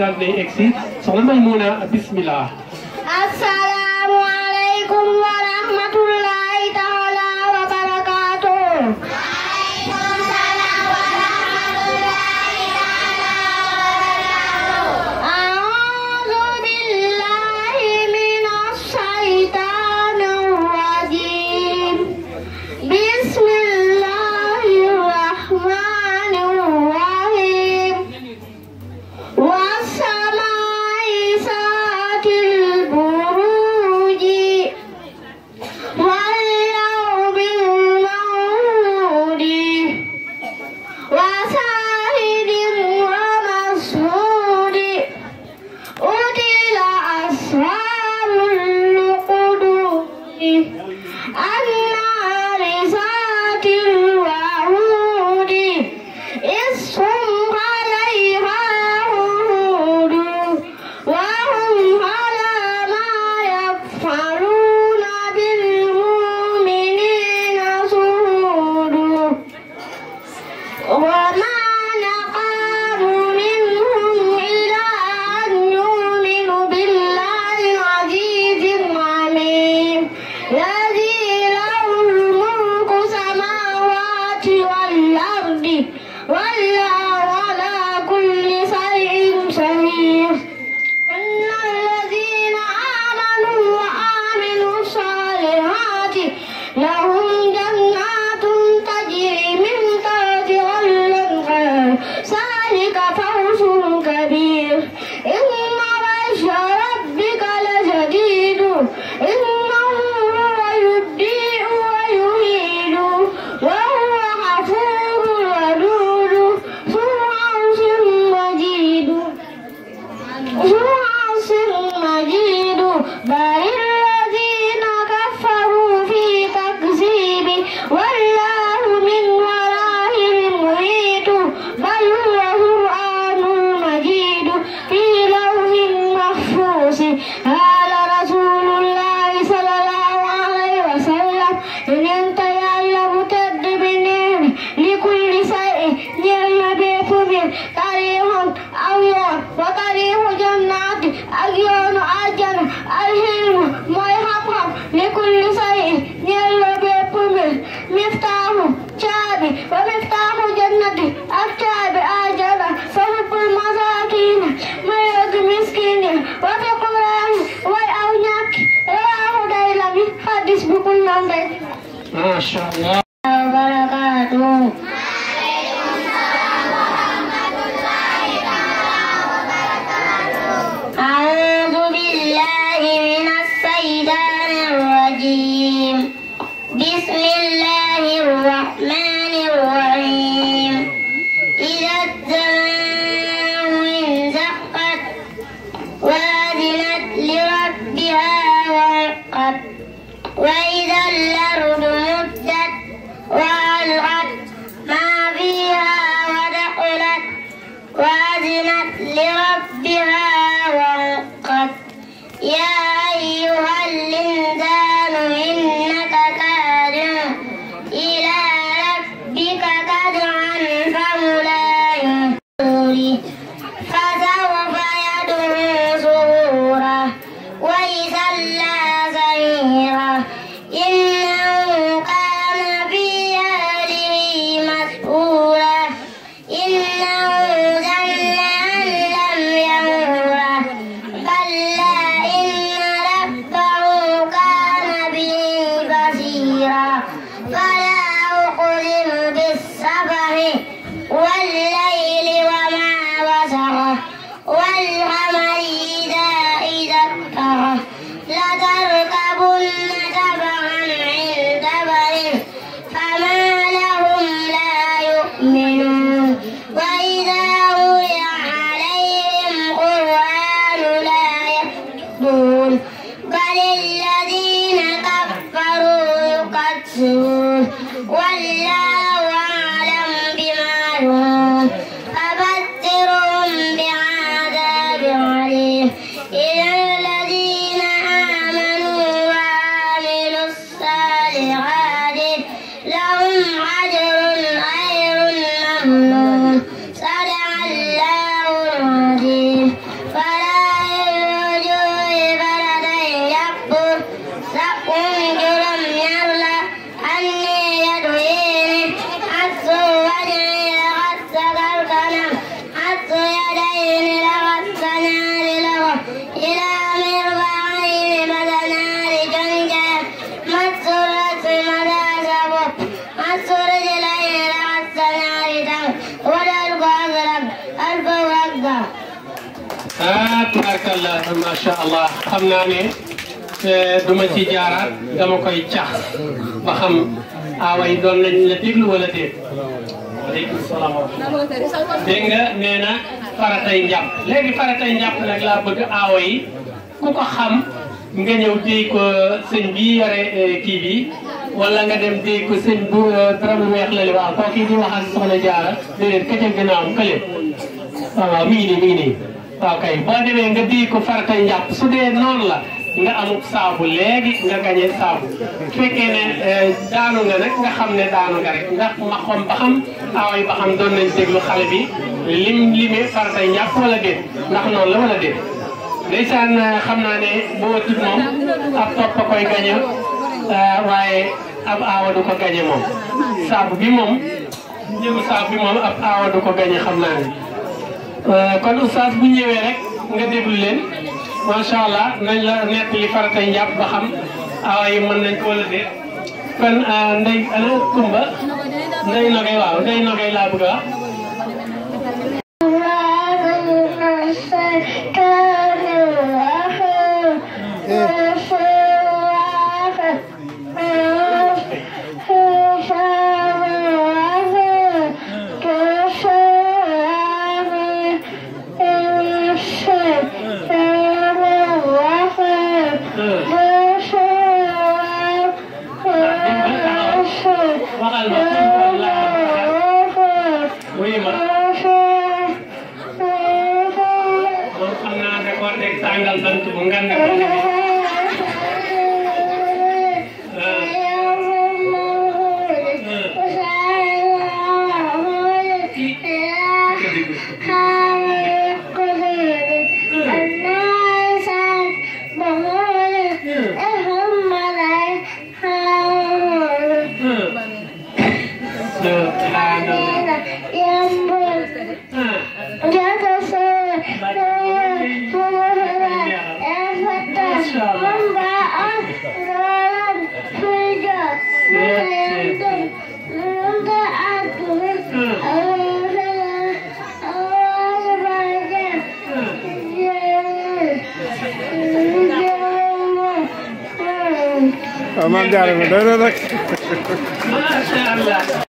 dal di egsi salaamay muna bismillah xam naa duma ci jaaraat dama koy cax ba xam aaway doon nañ la déglu wala déet aleykum salaam wa rahmatulah dégg nga nee na faratay nga ñëw déy ko sëñ bi eh, kii bi walla nga dem déy ko sëñ eh, la li waaw kooku di wax ak soxna jaara déedéet ka ca gannaaw kële waaw ngi nii mi ngi nii waaw boo demee nga bii ko faratay njàpp su dee noonu la nga amub saabu léegi nga gañe saabu fekkee ne eh, daanu nga nag nga xam ne daanu nga rek ndax ma xom ba xam aaway ba xam doon nañ déglu xale bi lim limee faratay njàpp wala déet ndax noonu la wala déet ndeysaan eh, xam naa ne boo tut moom ab topp koy gañe eh, waaye ab aawa du ko gañe moom saabu bi moom njëgu saabu bi moom ab aawa du ko gañe xam naa ne Euh, kon oustaz bu ñëwee rek nga déglu leen macha allah nañ la nekk ba xam awa mën nañ ko wala déet kon euh, ndey ana kumba ndey nogay waaw ndey nogay laa bëgg a Aman yarabbim. Öyle bak. Maşallah.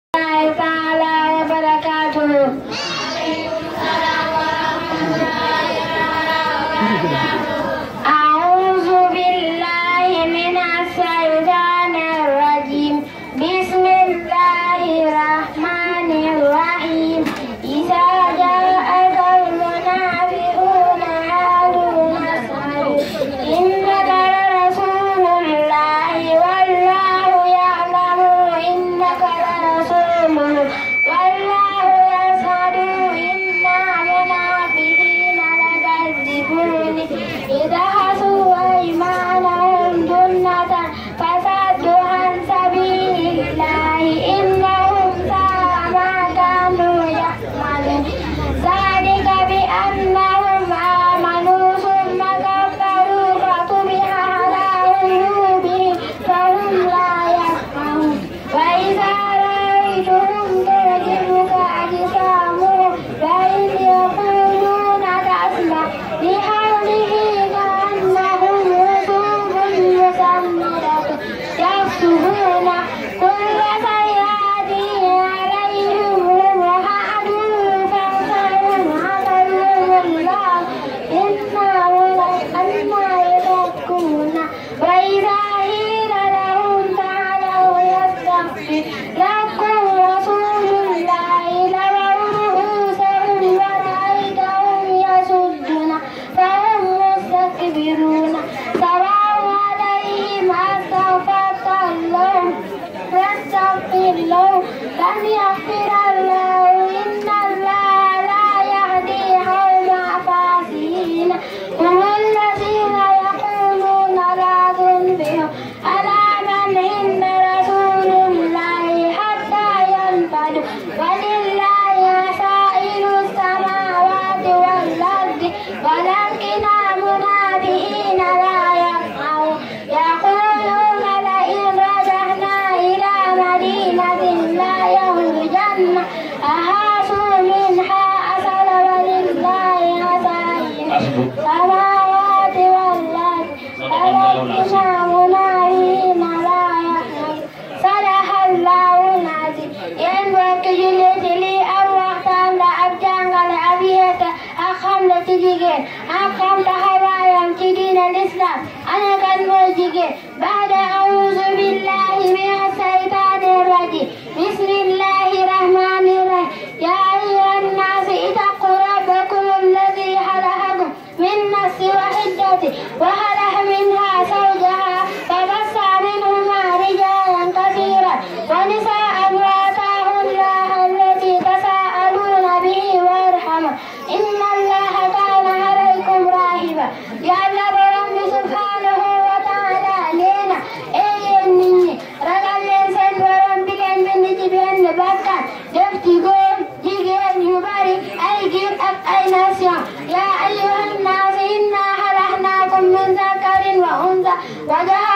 大家。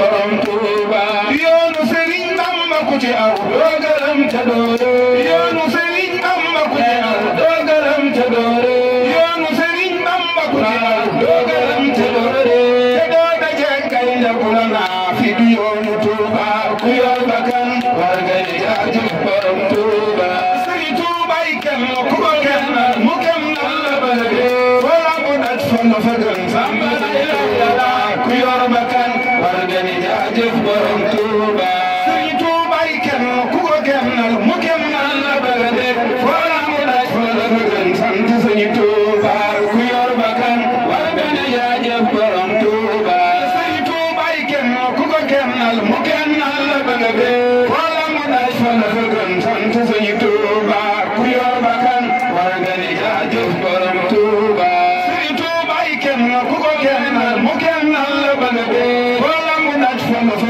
borom Tuuba yoonu Sëriñ Bamba ku ci aw doo gërëm te doo ni jaajëf borom Touba. Sëriñ Touba yi kenn ku ko gëmnal mu gëmnal la bëgg a dégg foo la mu daj foo la ko gën sant Sëriñ Touba ku yor bakkan war benn jaajëf borom Touba. Sëriñ Touba yi kenn ku ko gëmnal mu gëmnal la bëgg a dégg foo la mu daj foo la ko gën sant Sëriñ Touba ku yor bakkan war benn jaajëf borom Touba. Sëriñ Touba yi kenn ku ko gëmnal mu gëmnal la bëgg a dégg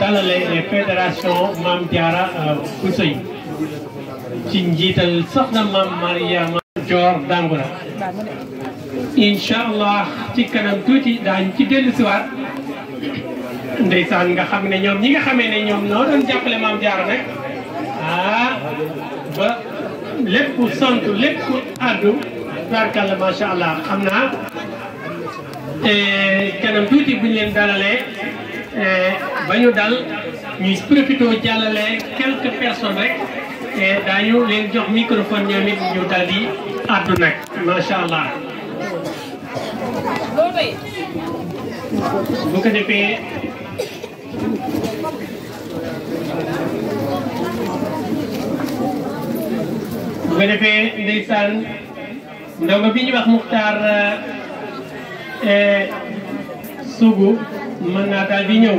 dalalee fédération Mame Diarra Ousseynou uh, ci njiital soxna Mame Mariama Dior Dangura incha ci kanam tuuti daañ ci dellu siwaat ndeysaan nga xam ne ñoom ñi nga xame ne ñoom noo doon jàppale Mame Diarra nag ah ba lépp sant lépp addu barkalla macha allah xam naa eh, kanam tuuti buñ leen eh, bañu dal ñuy profité jàllale quelques personnes rek et daañu leen jox microphone ñoom it ñu dal di addu nag macha allah bu ko defee bu ko defee ndeysaan ndongo bi ñu wax muxtaar eh, sugu mën naa daal di ñëw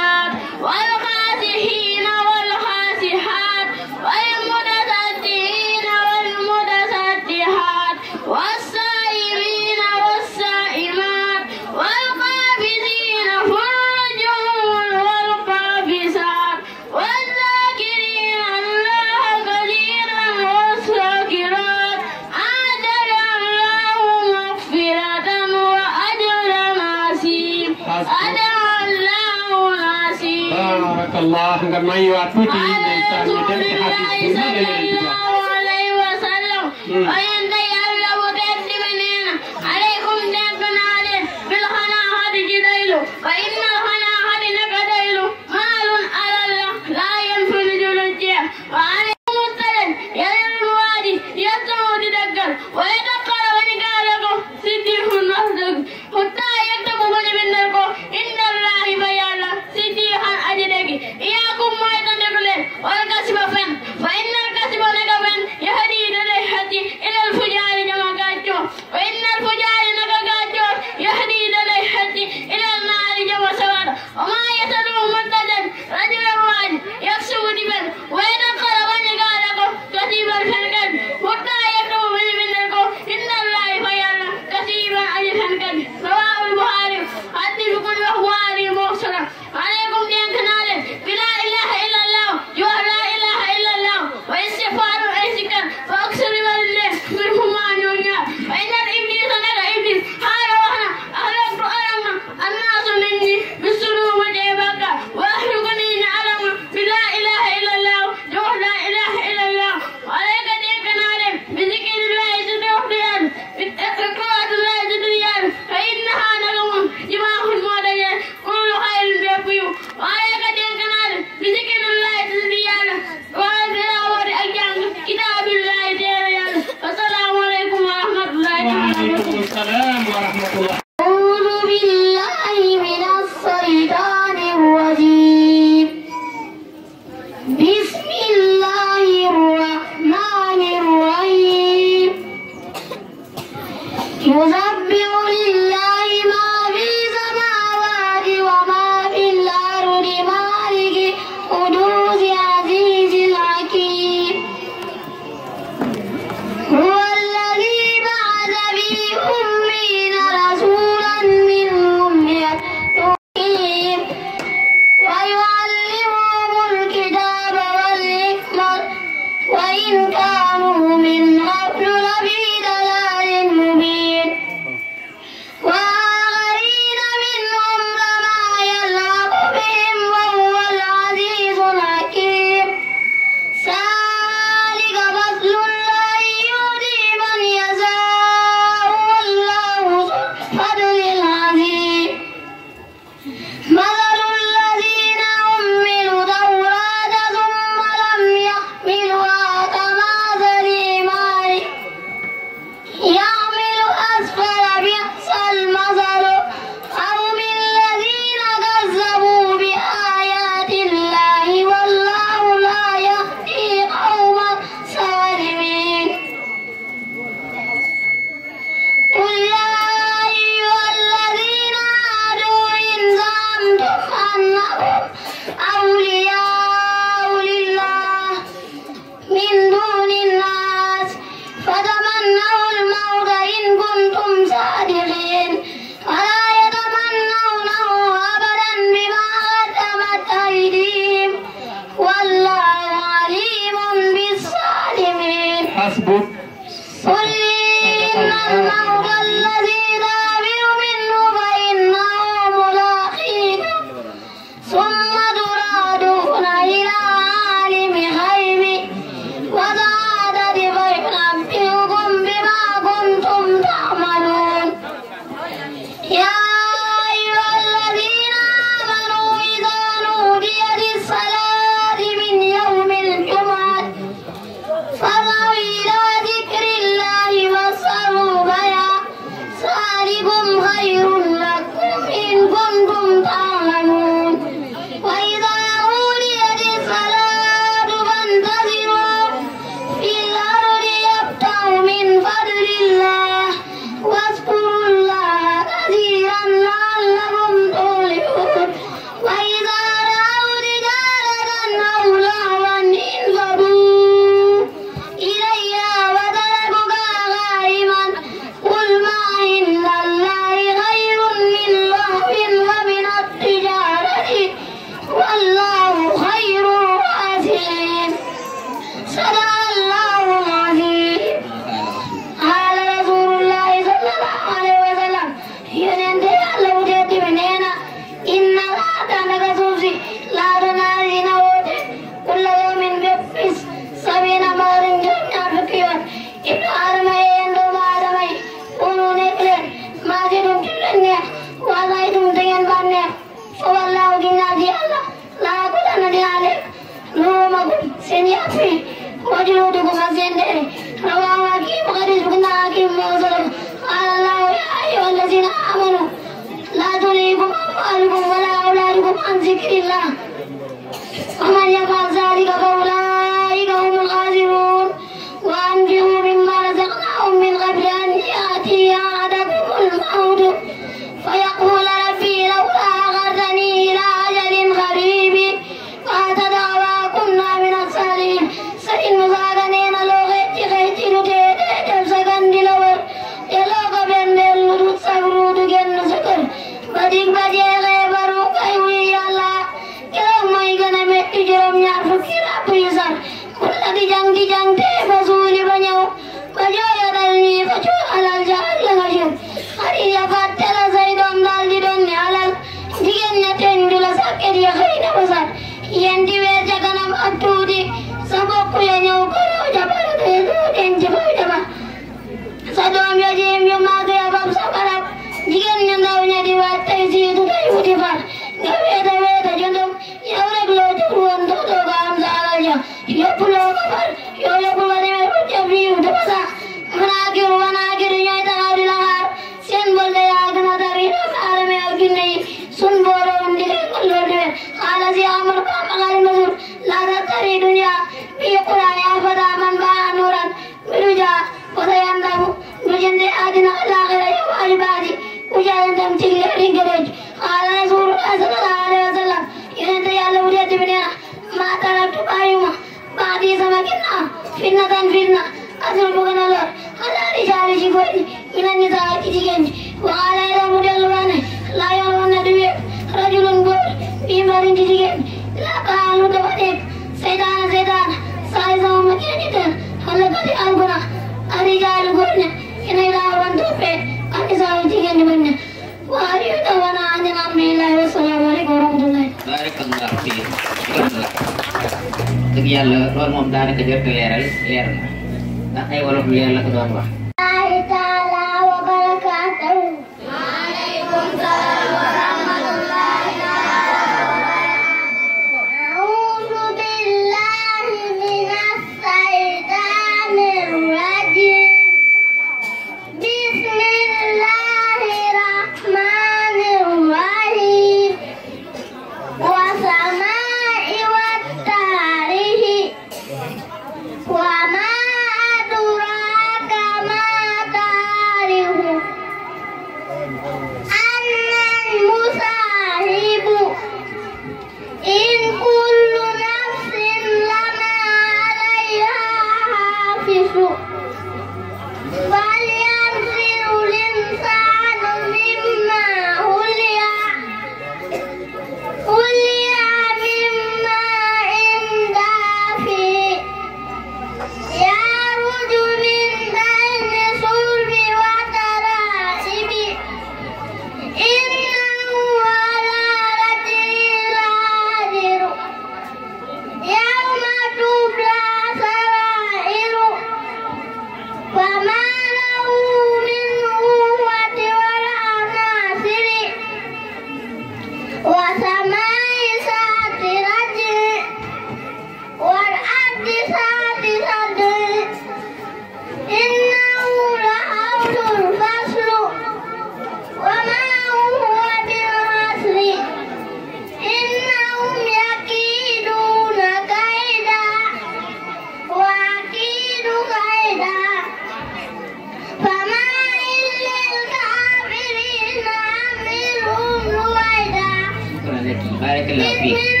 I Barakallahu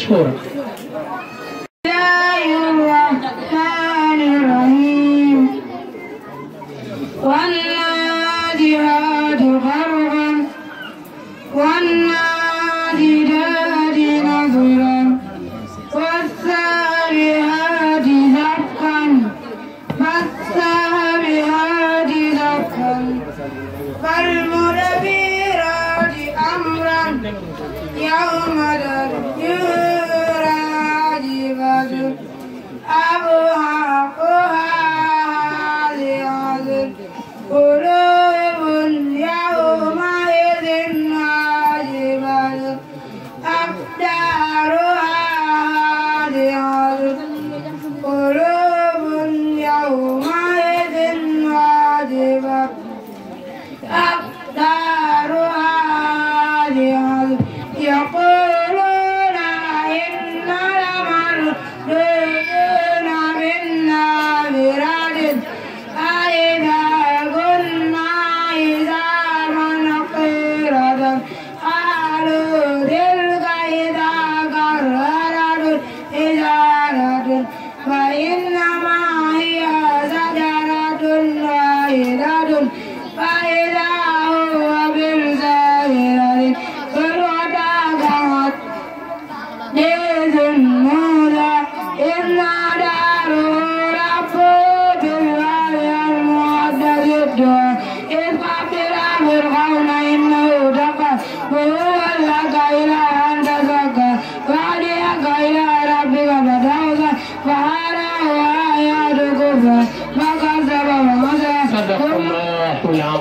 مشهورة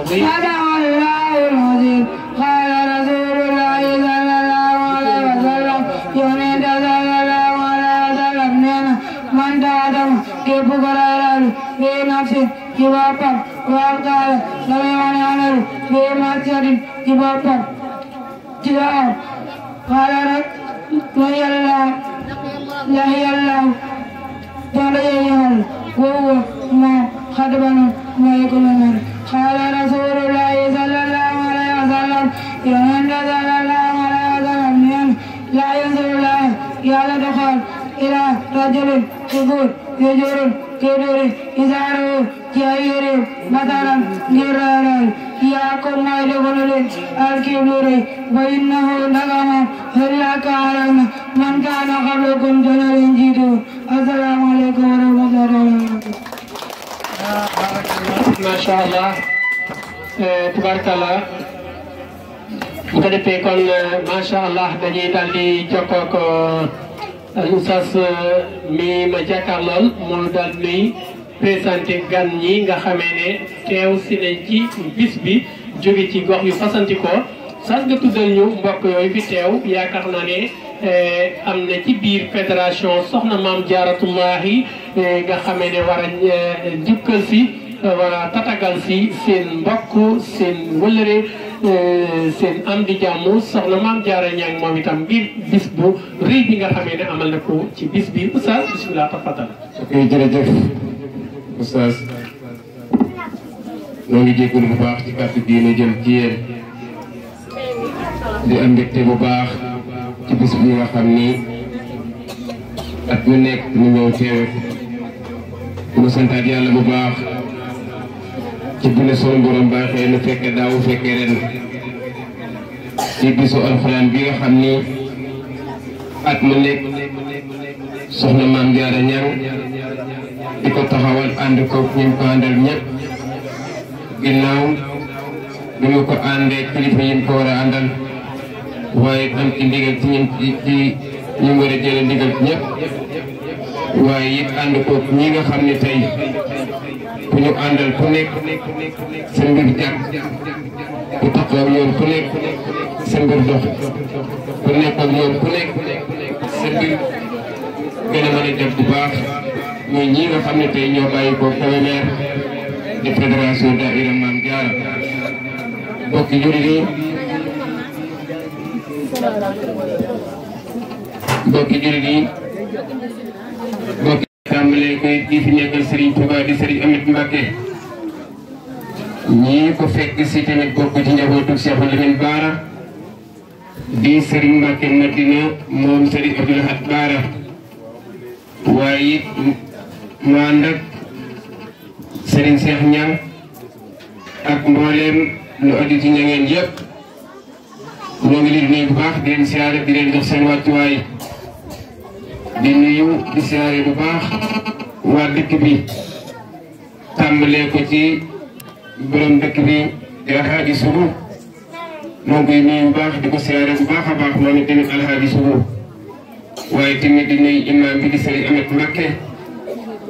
Para jàkkaarloon moo daal nuy présenté gan ñi nga xame ne teew si nañ ci bis bi jóge ci gox yu fasantikoo sax nga tuddal ñu mbokk yooyu fi teew yaakaar naa ne eh, am na ci biir fédération soxna maam jaaratullaahi eh, nga xamee ne war a eh, si war a si seen mbokk seen wëlëre seen am di jàmm soxna maam jaara ñaang moom itam biir bis bu rëy bi nga xamee ne amal na ko ci bis bi oustaz bismillah tafadal ok jërëjëf oustaz noo ngi jégalu bu baax ci kàddu bii jëm ci yéen di am mbégte bu baax ci bis bi nga xam ni at mu nekk mu ñëw teewe mu santaat yàlla bu baax ci bune ne sunu borom baaxee na fekke daaw fekke ren ci bisu alquran bi nga xamni at mu nek soxna mam jaara ñaan diko taxawal and ko ñu ko andal ñëpp ginnaw bi ñu ko àndee kilifa yi mu ko wara andal waye tam ci ndigal ci ñu ci ñu wara jël ndigal ñëpp Wahid and ànd koog ñi nga xam ne tey ku ñu àndal ku nekk sa mbir jàpp ku taxaw yoon ku nekk sa mbir dox ku nekkoog yoon ku nekk sa mbir gën a mën bu baax ñi nga ko di fédération Daïra Mame Diarra bokki jullit yi boo tàmbalee koy kii fi di Serigne Amit Mbacké ñii ko fekk si tamit bokk ci Bara di Serigne Mbacké Madina moom Serigne Abdou Lahad Bara waaye it mu ànd ak ak di nuyu bu baax di nuyu di siyaare bu baax waa dëkk bi tàmbalee ko ci borom dëkk bi di alxaaji sugu moo koy nuyu bu baax di ko siyaare bu baax a baax moom it tamit alxaaji sugu waaye tamit di nuyu imaam bi di sëriñ Amet Mbakke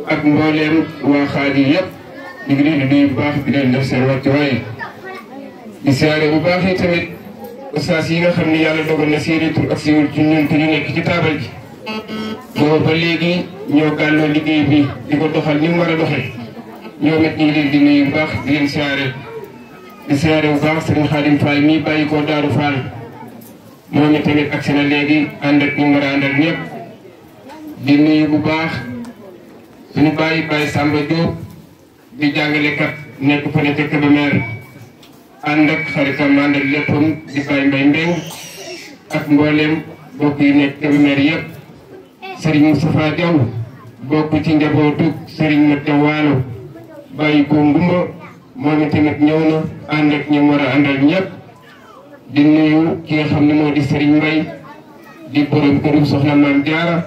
ak mbooleem waa xaaji yëpp di leen di nuyu bu baax di leen def seen wàccuwaay di siyaare bu baax yi tamit ustaas yi nga xam ne yàlla dogal na seeni tur ak siiwul ci ñun te ñu nekk ci taabal ji booba ba léegi ñoo bi di doxal ni mu di nuyu bu di leen siyaare di siyaare bu baax sëriñ Xaadim Fall mii bàyyi ko Daaru Fall tamit ak di nuyu bu baax suñu bàyyi bàyyi Samba di jàngalekat nekk fa ne ca Kébémer ak di bàyyi mbay mbéng ak mbooleem bokk yi Serigne Moustapha Diaw bokk ci njabootu Serigne Mate Waalo bàyyi ko ngumba moom itamit ñëw na ànd ak ñi war a àndal ñëpp di nuyu ki nga xam ne moo di Serigne Mbaye di borom këru soxna maam Diarra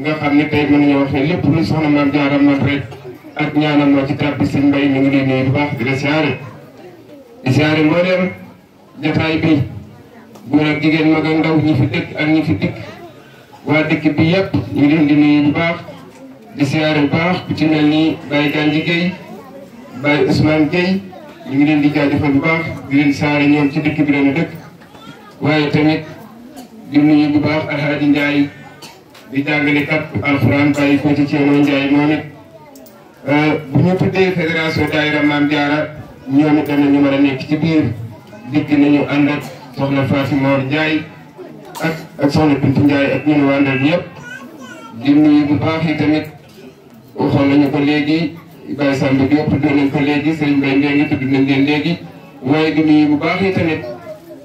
nga xam ne tey mën nañoo wax lépp lu soxna maam Diarra man rek ak ñaana moo ci tàbbi Serigne Mbaye ñu ngi lay nuyu di la siyaare di siyaare mbooleem bi góor jigéen mag ndaw ñi fi dëkk ak ñi fi dëkk waa dëkk bi yëpp ñu ngi leen bu baax di siyaare bu baax ku ci mel ni Baye Ganji Gueye Baye Ousmane Gueye ñu ngi leen di jaajëfal bu baax di leen ñoom ci dëkk bi la ñu dëkk. waaye tamit di nuyu bu baax Alhaaji Ndiaye di jàngalekat alxuraan bàyyi ko ci Ceeno Ndiaye euh, bu ñu tuddee fédération daayira Maam Jaara ñoom it danañu war nekk ci biir dikk nañu ànd ak soxna Fatou Mor Ndiaye. ak ak soxna Bintu Ndiaye ak ñun waa Ndar yëpp di nuyu bu baax yi tamit waxoon nañu ko léegi Baye Samb yëpp tudd nañ ko léegi Serigne Baye Ndeye tudd nañ leen léegi. waaye di nuyu bu baax yi tamit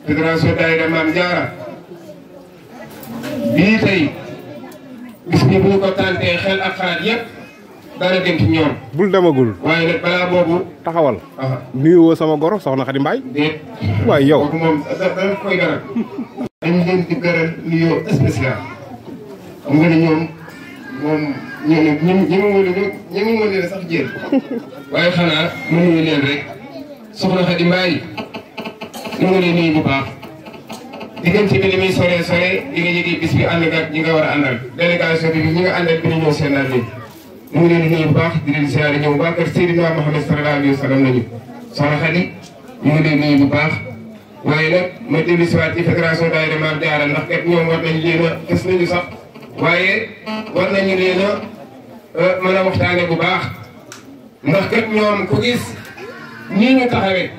fédération daayira Maam Jaara bii tey bis bu ñu ko xel ak xalaat yëpp. dara dem bul demagul taxawal ah. sama goro soxna xadi mbaay déet waaye koy garal leen di garal spécial nga sax jël leen rek soxna xadi leen nuyu bu baax sore sore di nga bis bi ak ñi nga délégation bi ñi nga bi ñu ñëw مولين نيو باخ دي لين زياره نيو باخ اف سيدنا محمد صلى الله عليه وسلم نيو صراحه لي مولين نيو باخ واي نا ما ديلي سواتي فيدراسيون دايره مار ديار ناخ اب نيو وات نيو لينا كيس نيو صاح واي وات نيو لينا ا مانا وختاني بو باخ ناخ اب نيوم كو غيس ني نيو تاخاوي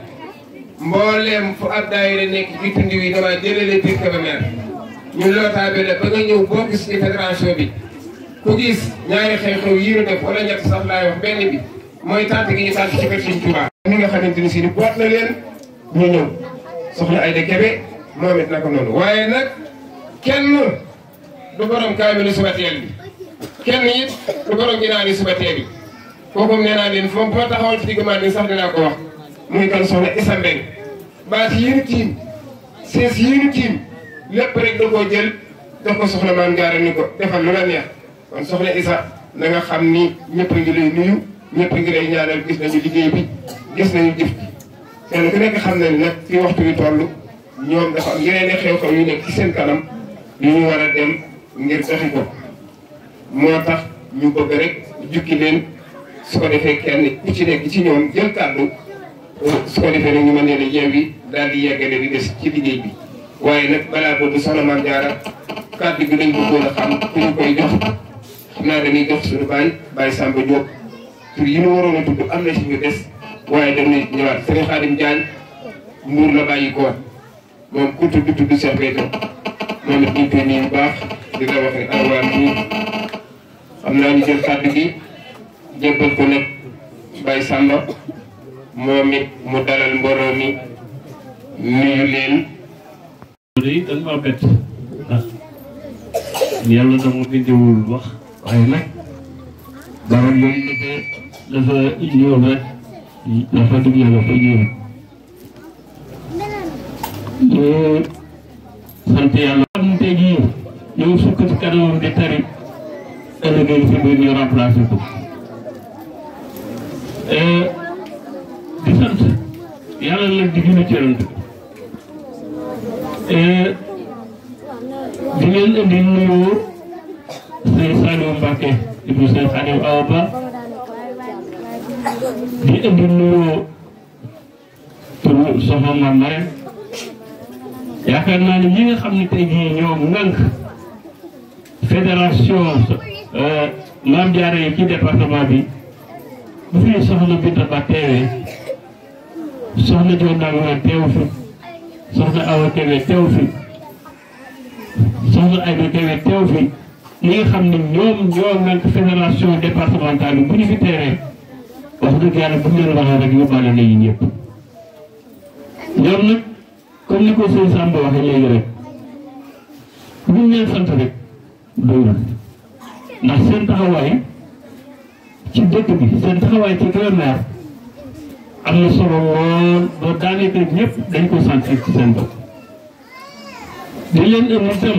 مبولم فو اب دايره نيك في تندي وي دا جيرالي تيكو مير ñu lootaa bi la ba nga ñëw boo gis ni fédération bi ku gis ñaari xew-xew yi ñu def wala ñett sax laay wax benn bi mooy tànt gi ñu tànt ci kër ni nga xamante ni si ni boot na leen ñu waaye nag kenn du borom kaamilu suba teel bi kenn it du naa leen moom boo taxawal ci digg ni sax dinaa ko wax muy kan soxna Isa Mbeng baat yi ñu yi ñu tiim lépp rek da koo jël jox ko soxna maam jaara ni ko defal lu la neex kon soxna Isa na nga xam ni ñëpp ngi lay nuyu ñëpp ngi lay ñaanal gis nañu liggéey bi gis nañu jëf bi nag fi waxtu bi toll ñoom dafa yeneen i xew ci seen kanam yu ñu war a dem ngir doxi ko moo tax ñu ko rek jukki leen su ko defee kenn ku ci nekk ci ñoom jël kàddu su ko defee nag ñu mën leen a yeewi daal di yeggale di des ci liggéey bi waaye nag balaa boobu soxna Mame Diarra kàddu gi dañ bëggoon a xam ku ñu koy jox xam naa jox suñu bàyyi bàyyi Samba Diop tur yi mu waroon tudd am na ñu des waaye dañuy ñëwaat Serigne Khadim Diagne la ko ku tudd tudd Cheikh baax di la wax ak waa Mbour ñu jël kàddu gi jébbal ko nag Baye Samba moom mu dalal mbooloo nuyu dañ dama ah. wax. waaye nag dara moom dafa dafa ñëw rek dafa dugg yàlla fa ñëw ñu sant yàlla am tey jii ñu sukk ci kanamam di tari ëllëgee fi biir ñu remplacé ko eh, di sant yàlla nag di julli ci yonent di leen indi Sëriñ Saliou Mbacke di indi nuyoo pour soxna Mame Marème yaakaar naa ne ñi nga xam ne tey jii ñoo ngànk fédération euh, Maam Jaara yi ci département bi bu fi soxna Binta Ba teewee soxna Joon Ndangula teew fi soxna Awa Kebe teew fi soxna Ayda Kebe teew fi ñi nga xam ne ñoom ñoo nekk fédération départementale bu ñu fi teeree wax dëgg bu ñu waxee rek yóbbaale nañu ñëpp ñoom nag comme ni ko sëñ Samba waxee léegi rek ñun leen sant rek doy na ndax seen taxawaay ci dëkk bi seen taxawaay ci Kébémer am na solo lool ba daanaka ñëpp dañ ko sentir ci seen bopp di leen ëmb itam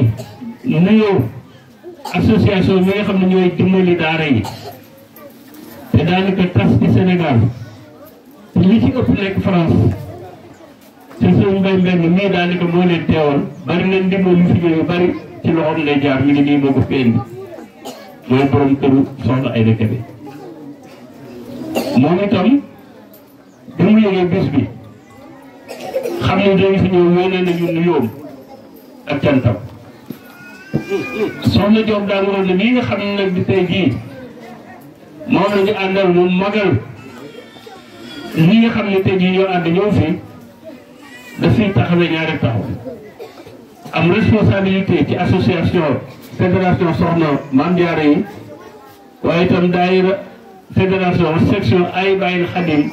nuyoo association yi nga xam ne ñooy dimbali daara yi te daanaka tas ci Sénégal te li ci ëpp nekk France te suñu mbay mbenn mii daanaka moo leen teewal bari leen ndimbal yu fi ñëw yu bari ci loxoom lay jaar mi ngi nii moo ko fi indi mooy borom këru soxna ay dëkk bi moom itam bi mu bis bi xam ne dañu fi ñëw wéy na ñu nuyoom ak cantam soxna Diop Dangoro li nga xam ne nag bi tey jii moom la àndal mu magal li nga xam ne tey jii ñoo ànd ñëw fi daf fiy taxawee ñaari taxaw am responsabilité ci association fédération soxna Maam waaye itam daayira fédération section ay bàyyil xadim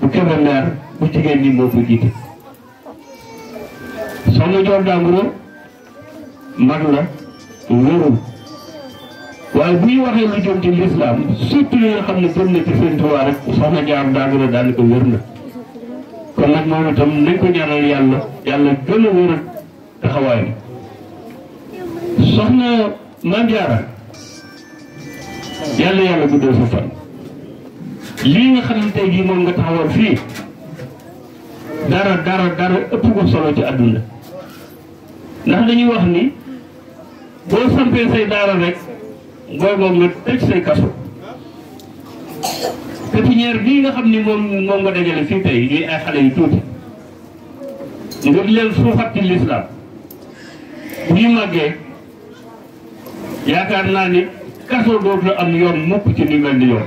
bu Kébémer bu jigéen ñi moo ko jiite soxna Diop Dangoro magna la waye bu ñu waxe lu jëm ci l'islam surtout yi xamne xam gëm na ci sen tuwaa rek soxna jaar daal na daal ko wërna kon nak moom itam nañ ko ñaanal yalla yàlla gën a wér taxawaayam soxna maam jaara yalla yàlla guddal sa fa li nga xamne tay gi jii moom nga taxawal fi dara dara dara ëpp ko solo ci aduna ndax dañuy wax ni boo sampee say daara rek ngoogoog nga tëj say kaso pépinière bii nga xam ni moom moom nga dajale fii tey ñuy ay xale yu tuuti nga di leen suuxat ci lislaam ñuy màggee yaakaar naa ni kaso dootu am yoon mukk ci ni mel ni yoon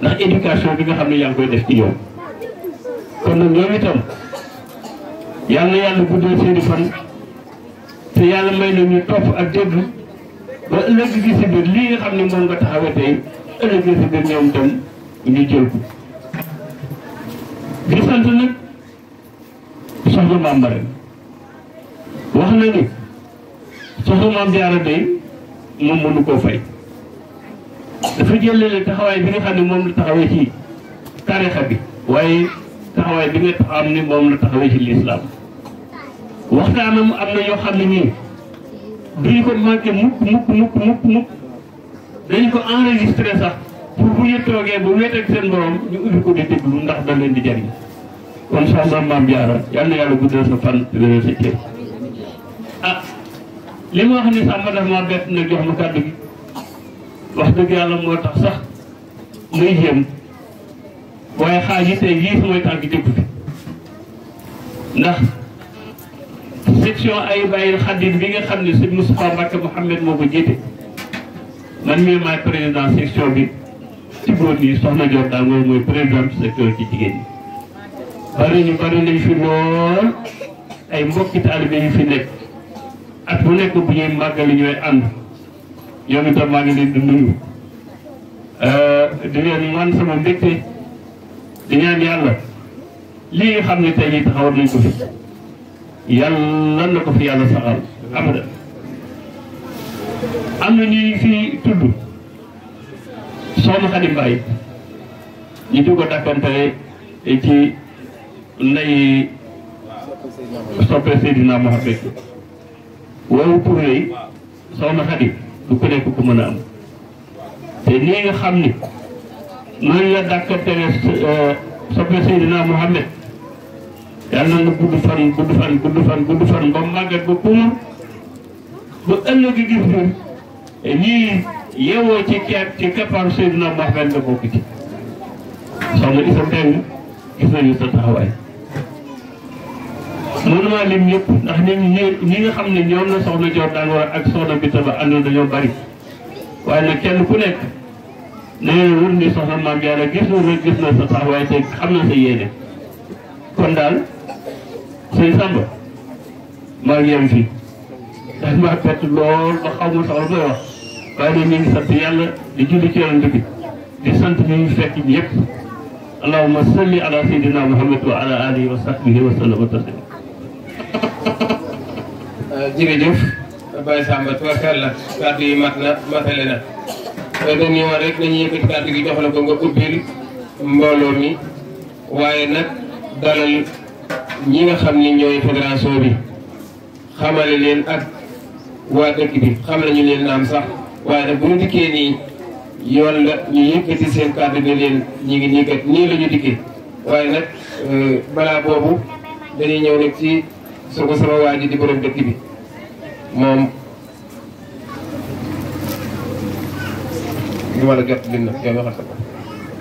ndax éducation bi nga xam ne yaa ngi koy def ci yoon kon nag ñoom itam yàlla yàlla guddal seeni fan te yàlla may na ñu topp ak dégg ba ëllëg gi si lii nga xam ne moom nga taxawee tey ëllëg gi si ñoom tam ñu jël ko. di sant nag soxna Maam Bara wax na ni soxna Maam Jaara moom mënu koo fay dafa jëlee taxawaay bi nga xam ne moom la taxawee ci tarixa bi waaye taxawaay bi nga xam ne moom la taxawee ci lislaam waxtaanam am na yoo xam ne nii duñ ko manqué mukk mukk mukk mukk mukk dañ ko enregistré sax pour bu ñu toogee ba wéet ak seen borom ñu ubbi ko di déglu ndax da leen di jariñ kon soxna maam jaara yal na yàlla guddal sa fan wéral sa cër ah li ma wax ni sax ma def ma bett nag jox ma kàddu gi wax dëgg yàlla moo tax sax muy jéem waaye xaaj yi tey yii samay ndax section ay bàyyil xadim bi nga xamni ne sëñ Moustapha mohammed moko moo man mi maay président section bi ci bo ni soxna jor da ngoy moy président secteur ci jigéen bari ñu bari nañ fi lool ay mbokk taalibe yu fi nek at bu nek bu ñuy màggali ñoy and ñoom itam maa ngi leen di euh di ñaan man sama mbégte di ñaan yalla li nga xamni tay tey taxaw nañ ko fi. yàlla na ko fi yàlla saxal abada am na ñuy fi tudd soxna Xadi Mbaay ñu di ko dàkkantale ci nday soppe Seydina Muhammad woowu pour lay soxna Xadi du ko nekk ku mën a am te nii xam ni noonu la dàkkantale eh, soppe Seydina Muhammad yàlla na nga gudd fan gudd fan gudd fan gudd fan ba màgget ba kumur ba ëllëg gi gis e nañu sa taxawaay mënuma lim ñëpp ndax ñi ñi nga xam ne ñoom la soxna Joor daan war ak soxna Bita Ba àndoon dañoo bari waaye nag kenn ku nekk ne wut ni soxna maam yàlla gis na gis na sa taxawaay te xam na sa yéene kon daal sëñ Samba maa ngi yem fii ndax maa bett lool ba xaw ma sax lu may wax waaye nag ñu ngi sant yàlla di julli ci yonent bi di sant ñi ñu fekk ñëpp allahumma salli ala sayyidina muhammad wa ala alihi wa sahbihi wa sallam wa taslima jërëjëf Baye Samba tubarkàlla kàddu yi mat na matale na dañuy wax rek dañuy yëkkati kàddu gi jox la ko nga ubbil mbooloo mi waaye nag dalal ñi nga xam ni ñooy fédération bi xamale leen ak waa dëkk bi xamale ñu leen naam sax waaye nag bu ñu dikkee nii yoon la ñu yëkkati seen kàddu ne leen ñi ngi nii nii la dikkee waaye nag euh, balaa boobu dañuy ñëw nag ci su ko sama waa ji di borom dëkk bi moom li ma la jot liñ na yow waxal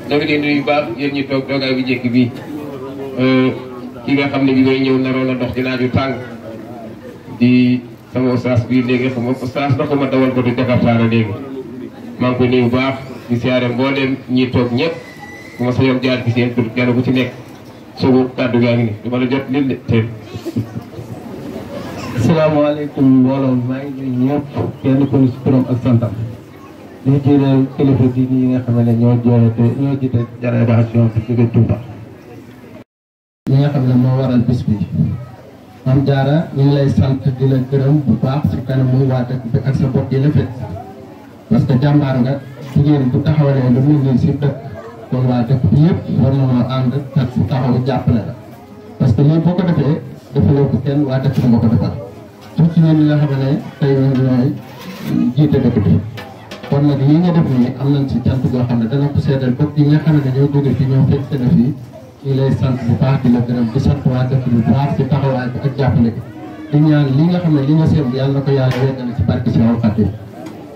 sa bopp. baax yéen ñi toog toogaay bu njëkk bii. Euh, ki nga xamne ne bi ngay ñew naro la dox dina ju tang di sama oustaz bi legge sama oustaz ustaas ko ma dawal ko di sa jakartaara legge ma ngi ni nuyu baax di siare mbooleem ñi tok ñëpp bu ma sañoon jaar ci seen tur kenn ku ci nekk soogu kàddu gaa ngi ni du ma la jot lil de te assalamu alaykum mbolo may nuyu ñëpp kenn ko ne si ak santam di jere kilifa di ñi nga xamne ñoo jore te ñoo jite jare baax ci ñoo ci ge tuba li nga xam ne moo waral bis bi Mame Diarra ñu lay sant di la gërëm bu baax si kanam waa dëkk bi ak sa bopp la fekk parce que jàmbaar nga jigéen bu taxawalee lu mel nii si dëkk kon waa dëkk bi yëpp war nañoo ànd ak taxaw jàppale la parce que lii boo ko defee defaloo ko kenn waa dëkk bi ko defal surtout ñun ñi nga xam ne tey ñun ñooy jiite dëkk bi kon nag lii nga def nii am nañ ci cant goo xam ne dana ko seedal bopp yi nga ñoo jóge fi ñoo fekk seen fii ñu lay sant bu baax di la gërëm di sant waa dëkk bu baax ci taxawaay bi ak jàppale bi di ñaan li nga xam ne li nga seen yàlla ko yàlla yeggale ci barke si wàllu Xaadim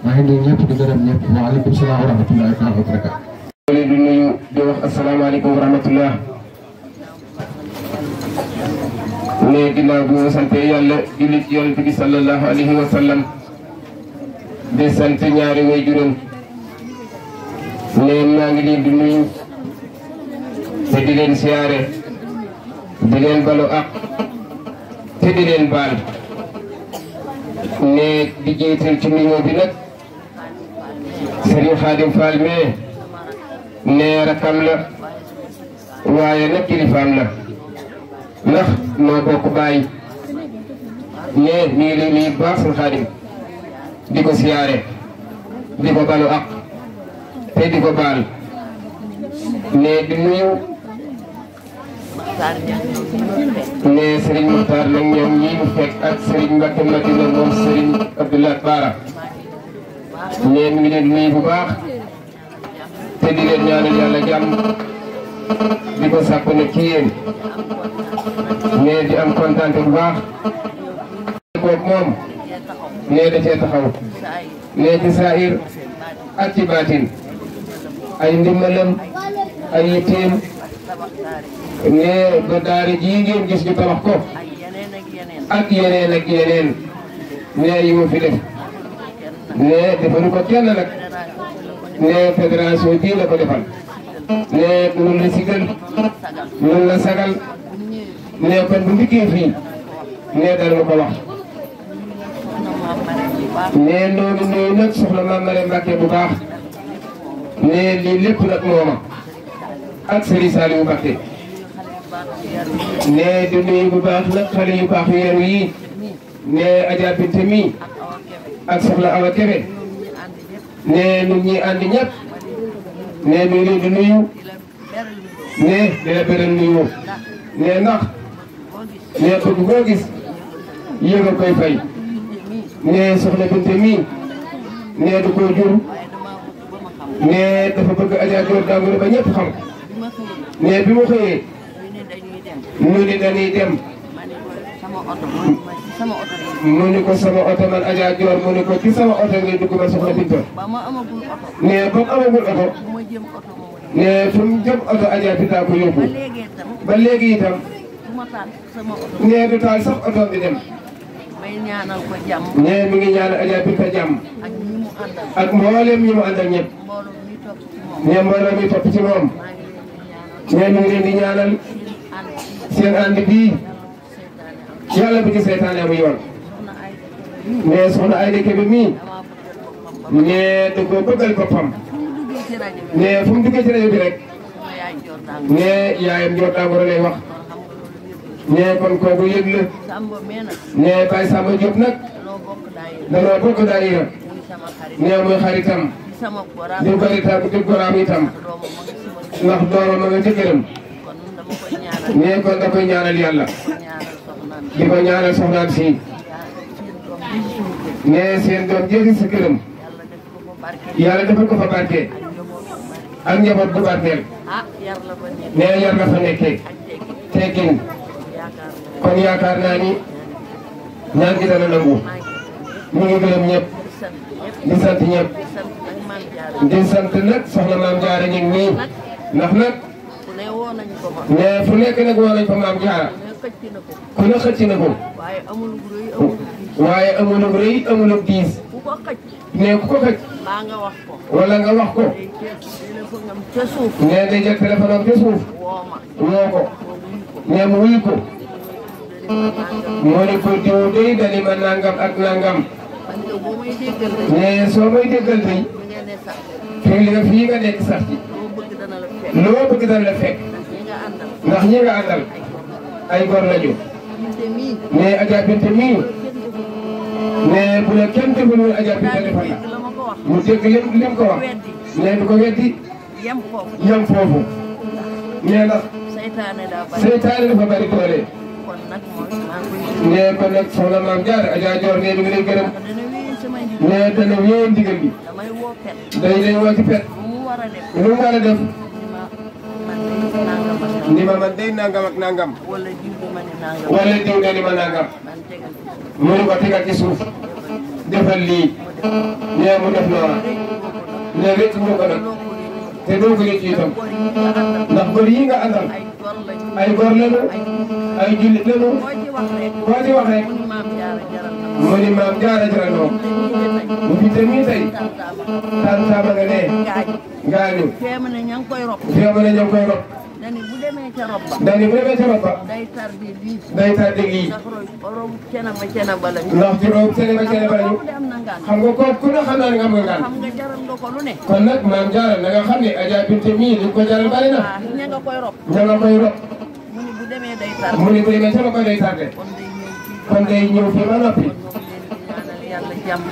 maa ngi nuyu ñëpp di gërëm ñëpp waaleykum salaam wa rahmatullahi taala wa barakaatu. maa ngi leen di nuyu di wax asalaamaaleykum wa rahmatullah. ne sant yàlla jullit bi sallallahu alayhi wa sallam. sant ñaari waajuram. ne maa ngi leen di nuyu. te di leen siyaare di leen balu ak te di leen baal ne di jiital ci nuyoo bi nag Serigne Khadim Fall mee ne rakam la waaye nag kilifaam la ndax noo bokk bàyyi ne nii li lii baax Serigne Khadim di ko siyaare di ko balu ak te di ko baal ne di nuyu ne Serigne Moutar nag ñoom moom Serigne Abdoulaye Bara ne mi ngi leen bu baax te di leen ñaanal yàlla jàmm di ko sàkku ne ci ne di am kontaan bu baax kooku moom ne da cee taxaw ne ci saahir ak baatin ay ndimbalam ay yitteem ne eh, ba daara jii ngeen gis ñu tabax ko ak yeneen ak yeneen ne yi mu fi def ne defalu ko kenn nag ne fédération bii la ko defal ne mun la sigal mun la sagal ne kon bu ndikkee fii ne dara ko wax ne loolu nooyu nag soxla Mame Maréme Mbacke bu baax ne lii lépp nag mooma ak Serigne Saliou Mbacke ne di nuyu bu baax nag xale yu baax yeeru yi ne Adja Binta mi ak soxna Awa Kébé ne ñun ñi ànd ñëpp ne ñu leen di nuyu ne di la beral nuyu ne ndax bëgg boo gis yéen a koy fay ne soxna Binta ne du ko jur ne dafa bëgg Adja Dior Dangone ba ñëpp xam ne bi mu xëyee. mu dañuy dem mu ko sama oto man aja. Dior mu ko ci sama oto ngay dugg ba soxna Binta ne ba amagul oto ne fu jëm oto Adja Binta ko yóbbu ba léegi itam ne du taal sax oto bi dem ne mi ngi ñaanal Adja Binta jàmm ak mboolem ñi mu àndal ñëpp ne mbooloo mi topp ci moom ne mi ngi di ñaanal seen ànd bii yàlla bu ci bu yoon mais soxna Ayda Kébé mii ne da ko bëggal boppam ne fu mu duggee ci bi rek ne yaayam Ndiol a lay wax ne kon kooku yëg la ne Baye Samba Diop nag danoo bokk daayira ne muy xaritam di goritam di goraam itam ndax doomam a nga jëkkëram nee kon da koy ñaanal yàlla di ko ñaanal soxnaam si nee seen doom jëli sa këram yàlla defal ko fa barke ak bu barkeel yar la fa nekkee teggin kon yaakaar naa ni ñaan gi dana nangu mu ngi gërëm mais fu nekk nag woo nañ fa maam jaara ku ne xëcc na ko waaye amulug rëy amulug diis mais ku ko xëcc wala nga wax ko mais day jël téléphone am ca suuf woo ko mais mu ko moo ne ko diw day dali ma nangam ak nangam mais soo may déggal tey fi nga fii nga nekk sax ci loo bëgg dana la fekk ndax ñi nga andal ay gor lañu ne aja Binta mi ne bu ne kenn tëbalul aja Binta defal fa mu dégg lim lim ko wax ne du ko fofu yam fofu ne ndax seytaane da bari doole ne kon nag soxna maam jaar Adja Joor ne mi ngi lay gërëm ne dana wéyoon ndigal bi day lay wo ci pet def mu wara def ndima man day nangam ak nangam wala din nga ni ma nangam mu ni ko tegal ci suuf defal lii nee mu def loola nee wécc mu ko nag te doo ko ci itam nga àndal ay gor lañu ay jullit lañu koo ci wax rek moo di maam jaara jarano mu fi te nii tey tantaama nga nee ngaañu feema na ña ngi koy rob dani bu demee ca rob ba dani bu demee ca rob ba day tardi lii day tardi lii ndax rob cene ba cene ba lañu ndax ci rob cene ba cene ba lañu xam nga ko ku ne xam naa ne nga am nga ngaan xam nga jaral nga ko lu ne kon nag maam jaara na nga xam ne Adja Binta mii li ko jaral bari na ña nga koy rob ña nga koy rob mu ni bu demee day tardi mu ni bu demee ca rob ba day tardi kon day ñëw fii ba noppi.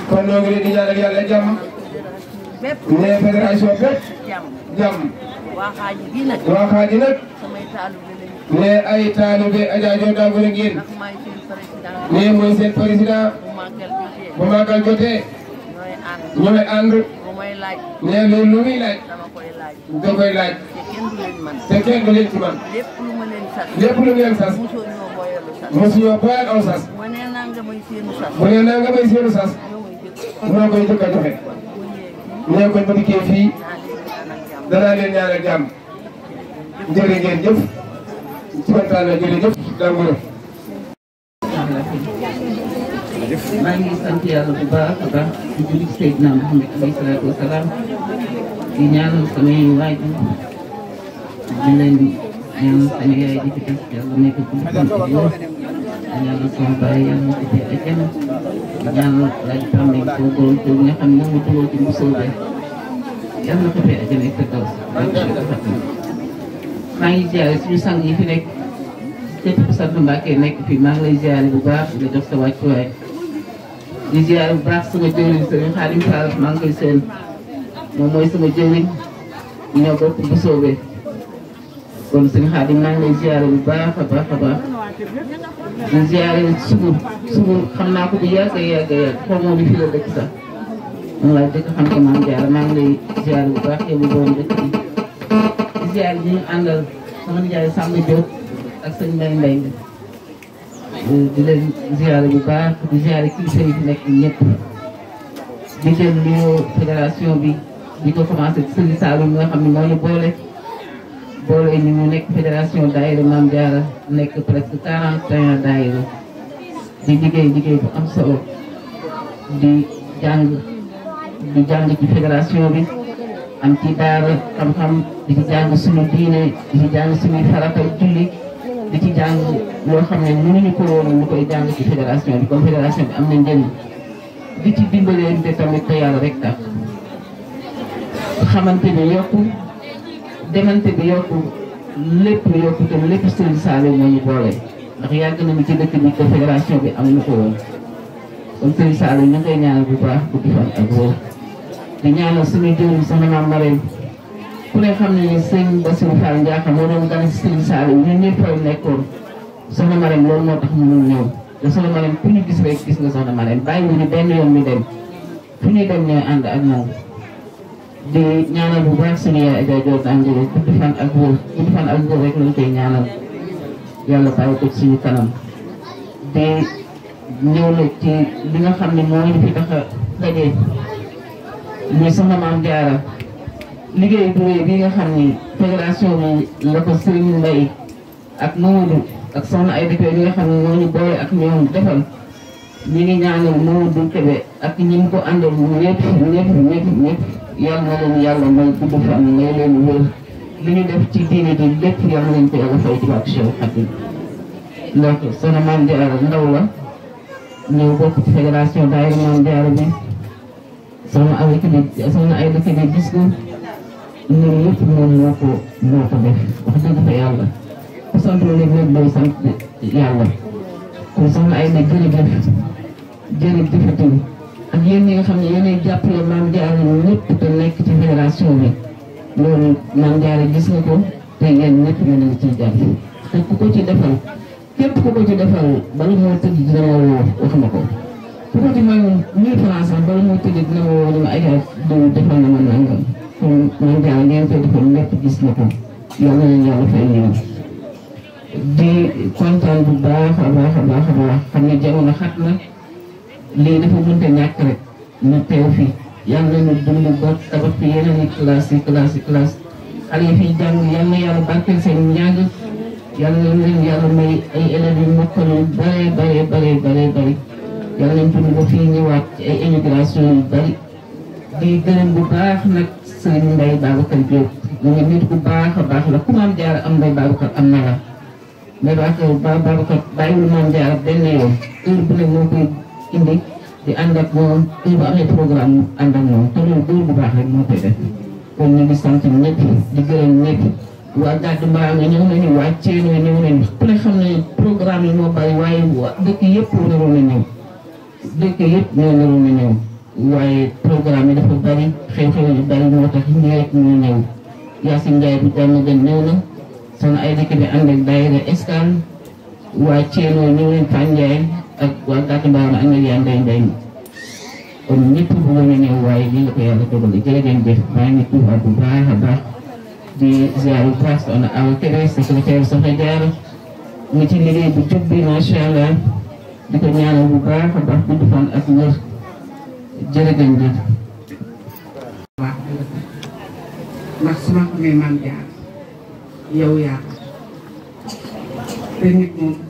kon ñoo leen di ñaanal yàlla jàmm. nee fédération bépp. jàmm. ay taalibe Adja Dior daa bëri ngeen. nee mooy seen président. bu màggal jotee. ñooy ànd. nee loolu lu muy laaj. da koy laaj. te kenn leen ci man. lépp lu mu leen sas. Mosiyo boole aw sas. mu ne naa nga may seenu sas. mënoo koy jëkk a joxe. nee koñ ba dikkee fii danaa leen ñaanal jàmm. jërë ngeen jëf. ci kontaan na jërëjëf. jàngoro. maa ngi sant yàlla bu baax a baax di julli Seydina Muhammad alayhi salaatu wa salaam di ñaanal samay waajur di leen ñaanal sama yaay di ko def yàlla nekk ci yàlla soo bàyyi yàlla mu defee ay kenn yàlla laaj tàmm yi koo koo koo nga xam ne moom moo ci mu soobee yàlla na ko fee ajana ak daw maa ngi ziare suñu sang yi fi nekk képp ku sant Mbàkke nekk fii maa ngi lay ziare bu baax nga jox sa wàccuwaay di ziare bu baax sama jëwriñ sëriñ Xaadim Fall maa ngi koy seen moom mooy sama jëwriñ ñoo bokk bu soobee kon sëriñ Xaadim maa ngi lay ziare bu baax a baax a baax. man ziare wut sugur xam naa ko bu yàgg a yàgg a yàgg xaw ma fi la dëkk sax waaw dëkk xam ko maam Diarra maa ngi lay ziare bu baax yow borom dëkk bi di ziare ñu àndal sama nijaay Samba Diop ak sëñ Mbaye Mbaye di leen ziare bu baax di ziare yi fi nekk ñëpp di bi di ko commencé ci sëñ Saloum xam ne moo boole. boole ñu ñu nekk fédération daayira Maam Diarra nekk presque quarante et un di liggéey liggéey bu am solo di jàng di jàng ci fédération bi am ci daara xam-xam di ci jàng suñu diine di ci jàng suñuy faratay julli di ci jàng loo xam ne mënuñu ko woon ñu koy jàng ci fédération bi comme fédération bi am na njëriñ di ci dimbaleen te tamit te rek tax xamante ni yokku demante bi yokku lépp yokku te lépp Serigne Saliou moo ñu boole ndax yàgg nañu ci dëkk bi te fédération bi am na ko woon kon Serigne Saliou ñu ngi koy ñaanal bu baax bu di fan ak wóor di ñaanal suñu jëriñ sama maam ku ne xam ne sëñ Bassirou moo si Serigne soxna Marème loolu moo tax ñu ñëw te soxna Marème ku ñu gis rek gis nga soxna Marème bàyyi wu ñu dem fu ñuy dem ñooy ànd ak moom. di ñaanal bu baax suñu yaay Adja Diop Angélil di fan ak wóor di fan ak wóor rek lañ koy ñaanal yàlla bàyyi ko suñu kanam. di ñëw nag ci li nga xam ne moo ñu fi tax a daje muy soxna maam Diarra liggéey bu bi nga xam ni fédération bi la ko Serigne Mbaye ak Mamadou ak soxna ay dëkk yi nga xam ne moo ñu ak ñoom defal. ñu ngi ñaanal Mamadou Kébé ak ñi mu ko àndal ñëpp ñëpp ñëpp ñëpp yal na leen yàlla may gudd fan ci diine ji nañ ko yàlla ndaw la ñu bokk ci moom moo ko fa yàlla ku ay na jërëjëf Diallo Diakhaté ak yéen ñi nga xam ne yéenay jàppale Mame Diarra ñëpp te nekk ci fédération bi loolu Mame gis na ko te ngeen ñëpp ku ko ci defal képp ku ko ci defal bala moo tëdd dina ma wax ma ko. ku ko ci mayu 1000 francs sax bala moo tëdd dina ma woo ni ma ay ay na ma nangam kon Mame Diarra ngeen koy defal gis na ko yal na leen yàlla fay ñëw. di kontaan bu baax a baax a baax a baax xam ne jamono xat na. lii dafa mënta ñàkk rek ñu teew fii yàlla na ñu dund ba tabax fi yeneen i classe yi classe yi classe xale yi fiy jàng yàlla na yàlla barkeel seen njàng yàlla yàlla may ay élèves yu mokkal yu bare bare bare bare yàlla nañ dund ba fii ñëwaat ci ay émigration yu bari di gërëm bu baax nag sëriñ Mbaye Babacar Diop mu ngi nit bu baax a baax la ku maam jaar am Mbaye Babacar am na la Mbaye Babacar bàyyiwul maam benn yoon heure bu ne moo koy indi di ànd ak moom kii bu amee programme mu ànd ak moom te loolu góor bu baax rek moo koy def kon ñu ngi sant ñëpp di gërëm ñëpp waa gàddu mbaam yi ñëw nañu waa Thiel yi ñëw nañu ku ne xam ne programme yi moo bari waaye dëkk yëpp naroon na ñëw dëkk yëpp ñoo naroon na ñëw waaye programme yi dafa bari xew-xew yu bari moo tax ñii rek ñoo ñëw Yacine Ndiaye bu jàmm gën ñëw na soxna ay dëkk bi ànd ak daayira Escale waa Thiel ñëw nañu Fane Ndiaye ak wanta mbaam ana yaan day nday kon ñëpp bëggoon a ñëw waaye lii la ko yàlla dogal jërë ngeen jëf maa ngi tuuxal bu baax a di ziar bu baax di ko ñaanal bu baax a baax gudd fan ak wér jërë ngeen jëf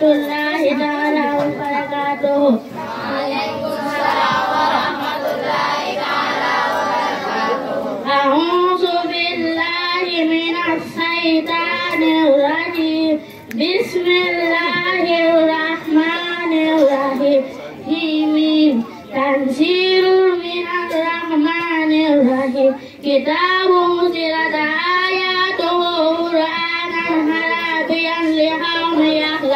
warahmatullahi taala wabarakatuh. Waalaikumsalam warahmatullahi taala wabarakatuh. A'udzu billahi minasy syaithanir rajim. Bismillahirrahmanirrahim. Himim tanzilun minar rahmanir rahim. Kitabun silat ayatuhu Qur'anan harabiyyan lihat.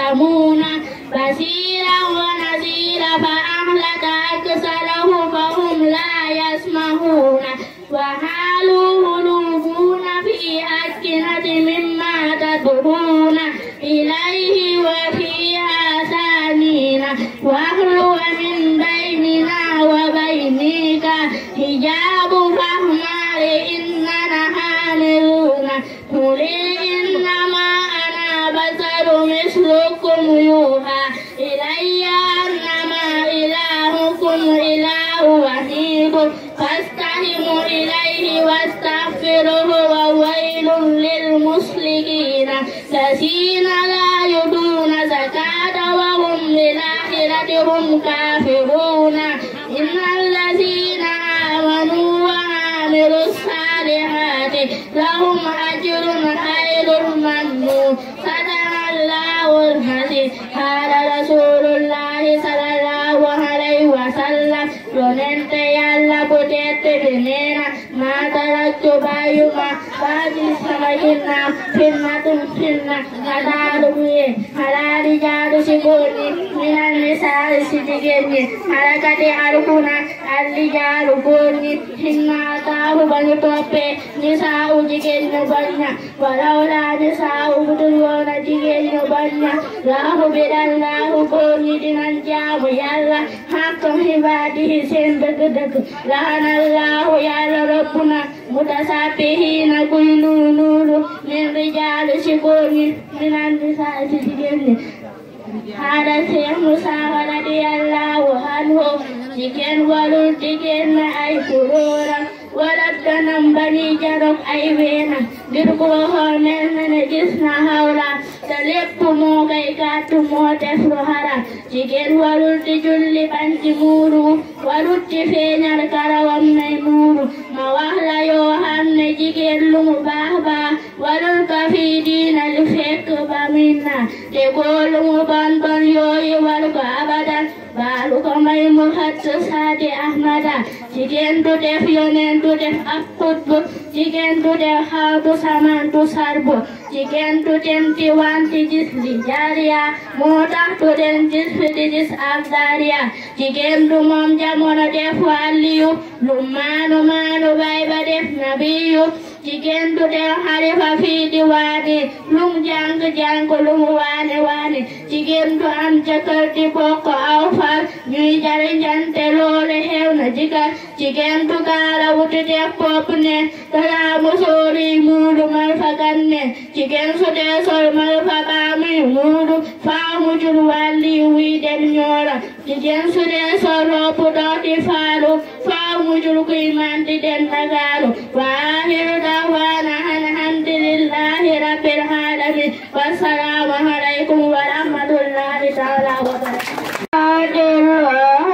يعلمون بشيرا ونذيرا فأهلك أكثرهم فهم لا يسمعون وحالوا قلوبنا في أكنة مما من النساء الرجال نساء نساء ولولا بدون بلا جاب يلا سين دك دك الله ربنا كل نور من رجال دک من النساء سیل xaaral Seex Musaa radiyallaahu anhu jigéen warul jigéen na ay kuróoram walab danam bani jarok ay wena dir ko ho mel na ne gis na hawla ta lepp mo kay gatu mo def ro hara ci gen walul ti julli ban ci muru walut ci feñal karawam nay muru ma wax la yo xamne ci gen lu mu bax ba walul ka fi dina lu fekk ba minna te ko lu mu ban ban yoy wal ko abadan baalu ko may mu xëtt saadi ahmada jigéen du def yoneen du def ak xutbu jigéen du def xaw du samaan du sarbu du dem di wanti gis moo tax du dem gis fi di gis ak du moom jamono def wàlliyu lu maanu maanu bay def nabiyu jigéen du dem xalifa fii di waane lum jàng jàng lum waane waane jigéen du am jëkkër di bokk aw far ñuy jariñante loole xew na jigal jigéen du gaara wuti def bopp neen dalaa musóori muudu mal fa gan neen jigéen su dee sol mal fa baamuy muudu faa mujul wàlli wuy dem ñoora jigéen su dee sol ropp doo di faalu faa mujul kuy man di dem nagaalu waahiru دعوانا عن الحمد لله رب العالمين والسلام عليكم ورحمة الله تعالى وبركاته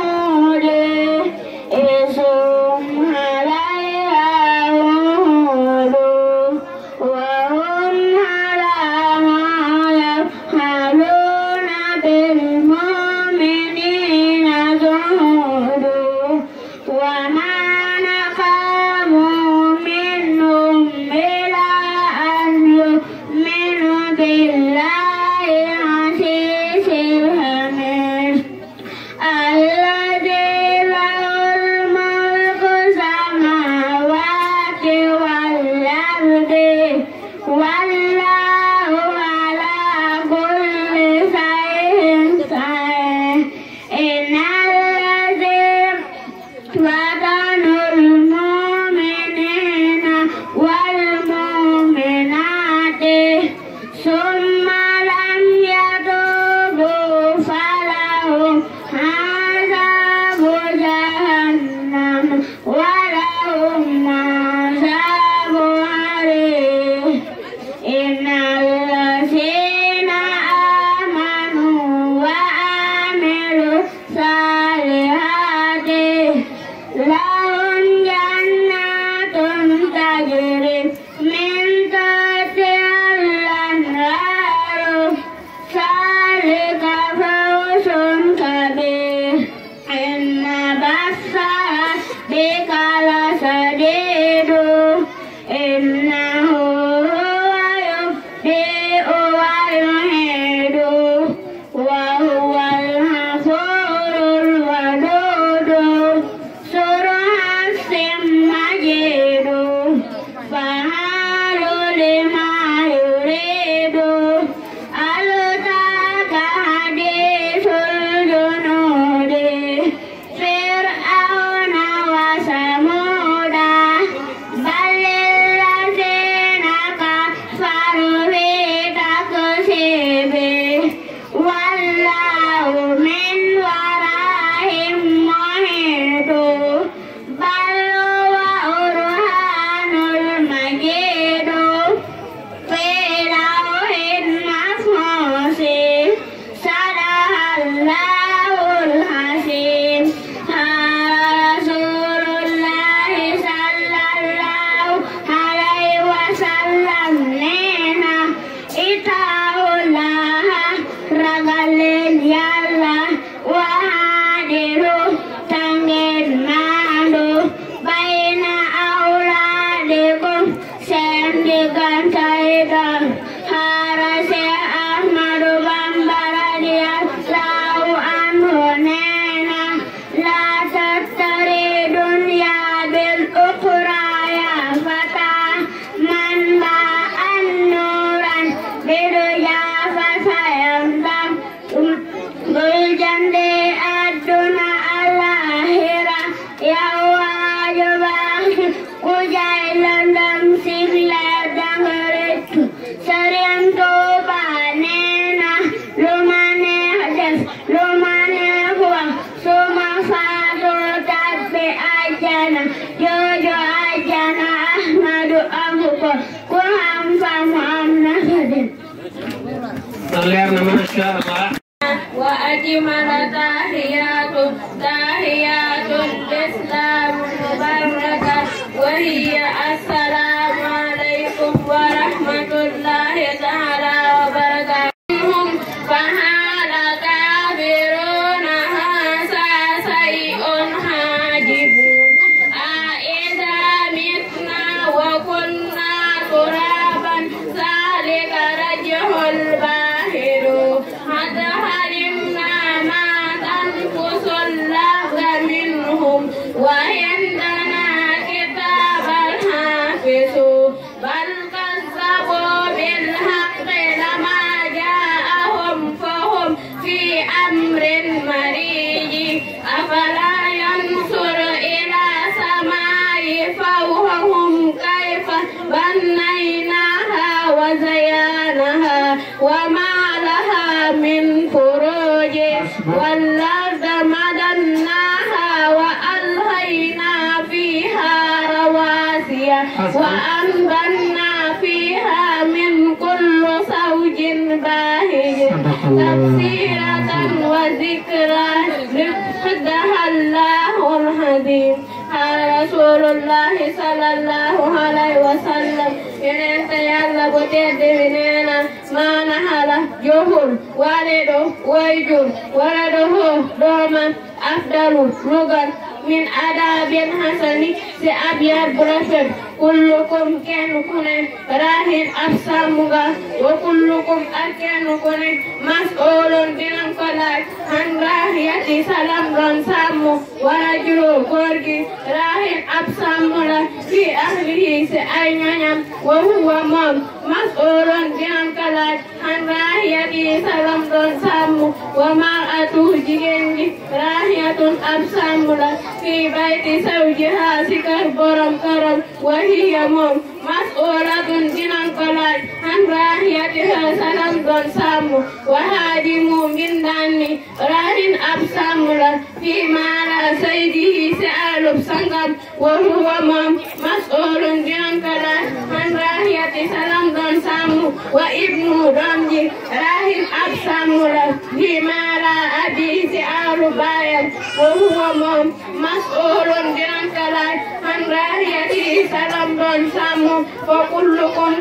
we are going وكلكم كان كون راهن أفسامغا وكلكم أركان كون مسؤول بنام قلاك عن راهية سلام رن سامو ورجلو قرقي راهن أفسامغا في أهله سأينام وهو مام مسؤول بنام قلاك عن راهية سلام رن سامو ومرأته جيجنجي راهية أفسامغا في بيت سوجها سكر برم كرم وهي Mom. mas'ula dun jinan kolal han rahiyati Salam dun samu wa hadimu min Rahim rahin ab samula fi mara sayyidihi sa'alub sangat wa huwa mam mas'ulun jinan kolal han rahiyati salam dun samu wa ibnu damji rahin ab samula fi mara abi sa'alub bayan wa huwa mam mas'ulun jinan kolal han rahiyati salam dun samu أنفسكم فكلكم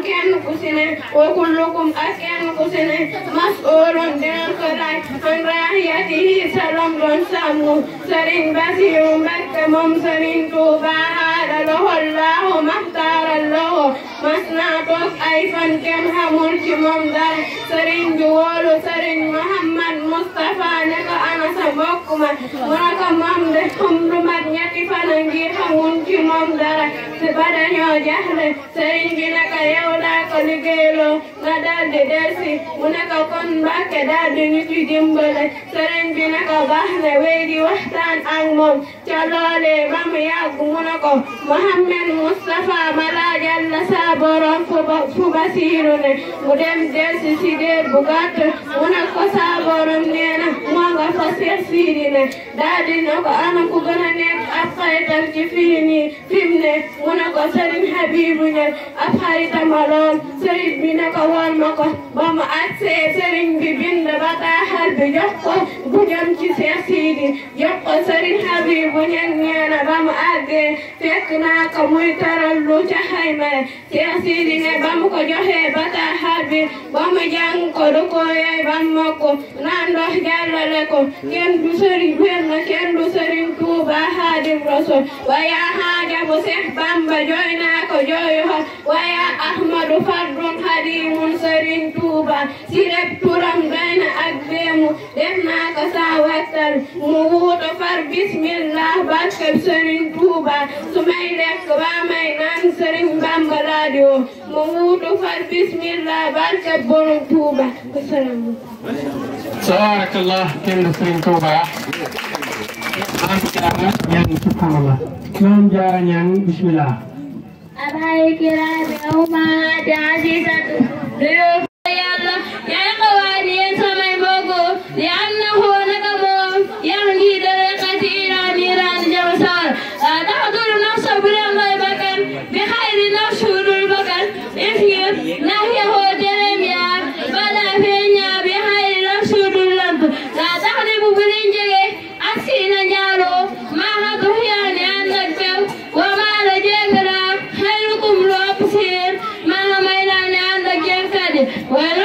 كسنة وكلكم أكان كسنة مسؤول دين بالقراء من رعيته سرم سمو سر بصير مكم سر توبا هذا له الله مختار له توس أيفا كم كمم دار سرين جوال سرين محمد مصطفى لك أنا سبقكما ولك ممدر حمر فننجي فنجي كمم دار سبدا يا جهل sëriñ bi naka yow laa ko nga daal di delsi mu kon Mbàkke daal di ci dimbale sëriñ bi naka baax na wéy di waxtaan ak moom ca loolee ba mu yàgg mu ko Mouhamed Moustapha ma laajal la sa fu basiiru ne mu ko sa borom nee fa seet siidi ne ko ana ku gën a ci fii nii fi ko sëriñ Habibu ne bi ne ko woon ma ko naa ko muy taral lu ca xayma ne ba ko joxee bataaxal bi ba mu jàng ko du ko yey ba mu mokk ko kenn du Tuuba Xaadim Rasuul wa yaa xaaja bu Seex Bamba jooy naa ko jooy defal waaye ahmadu fardun xadimun sëriñ tuuba si rek turam doy na ak deemu def naa ko saa wattal mu wuuto far bismillah barkeb sëriñ tuuba su may lekk ba may naan sëriñ bamba radio mu wuuto far bismillah barkeb borom tuuba wasalaamu tabarakallah kenn sëriñ tuuba maam jaara ñaan ci la maam jaara ñaan bismillah أبهر الكرام أمهات عزيزة ضيوف يا قوادي سمي بوكو لأنه نقبو يهدي طريقة إلى نيران الجوسر لا تحضر Bueno.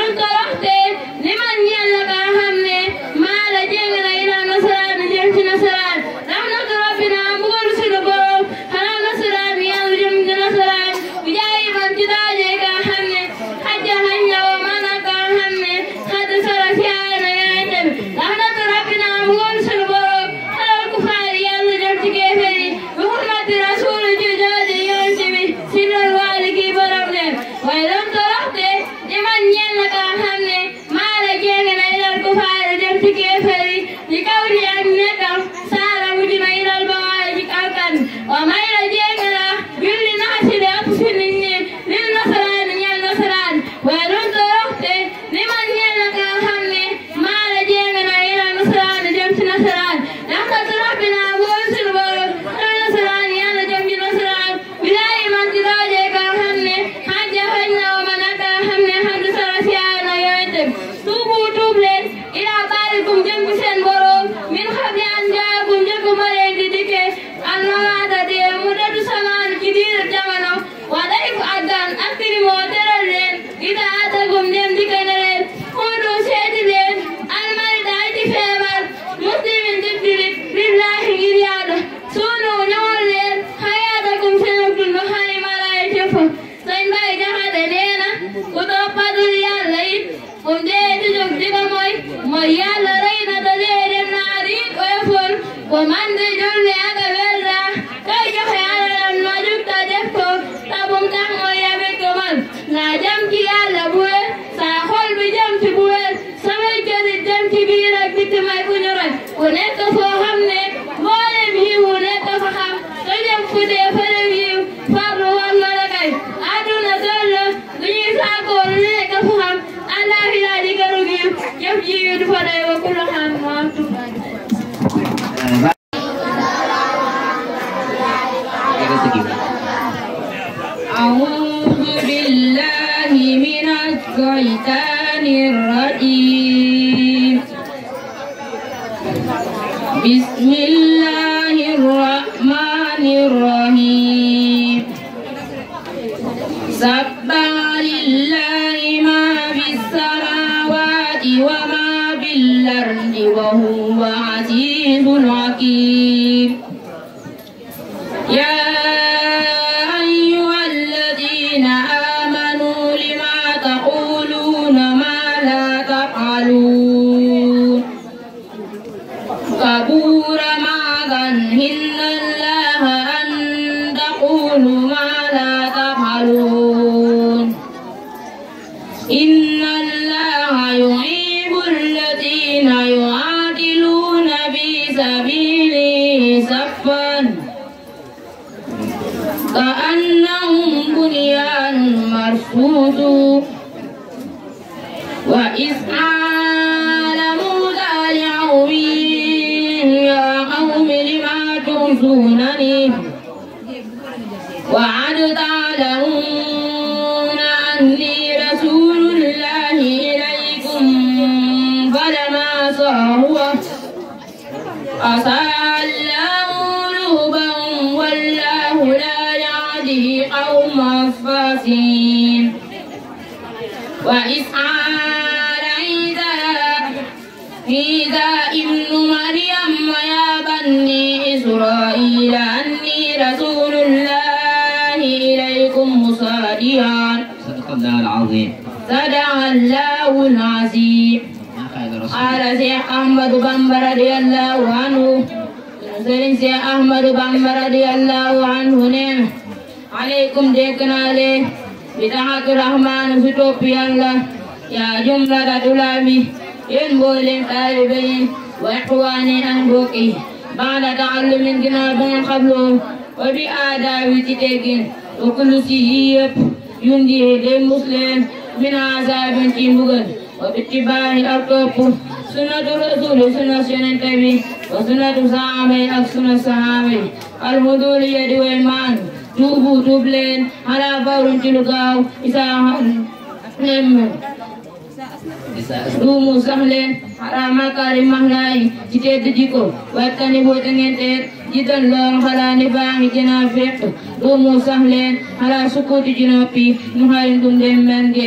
quotidien pi no haali ɗum ɗen mange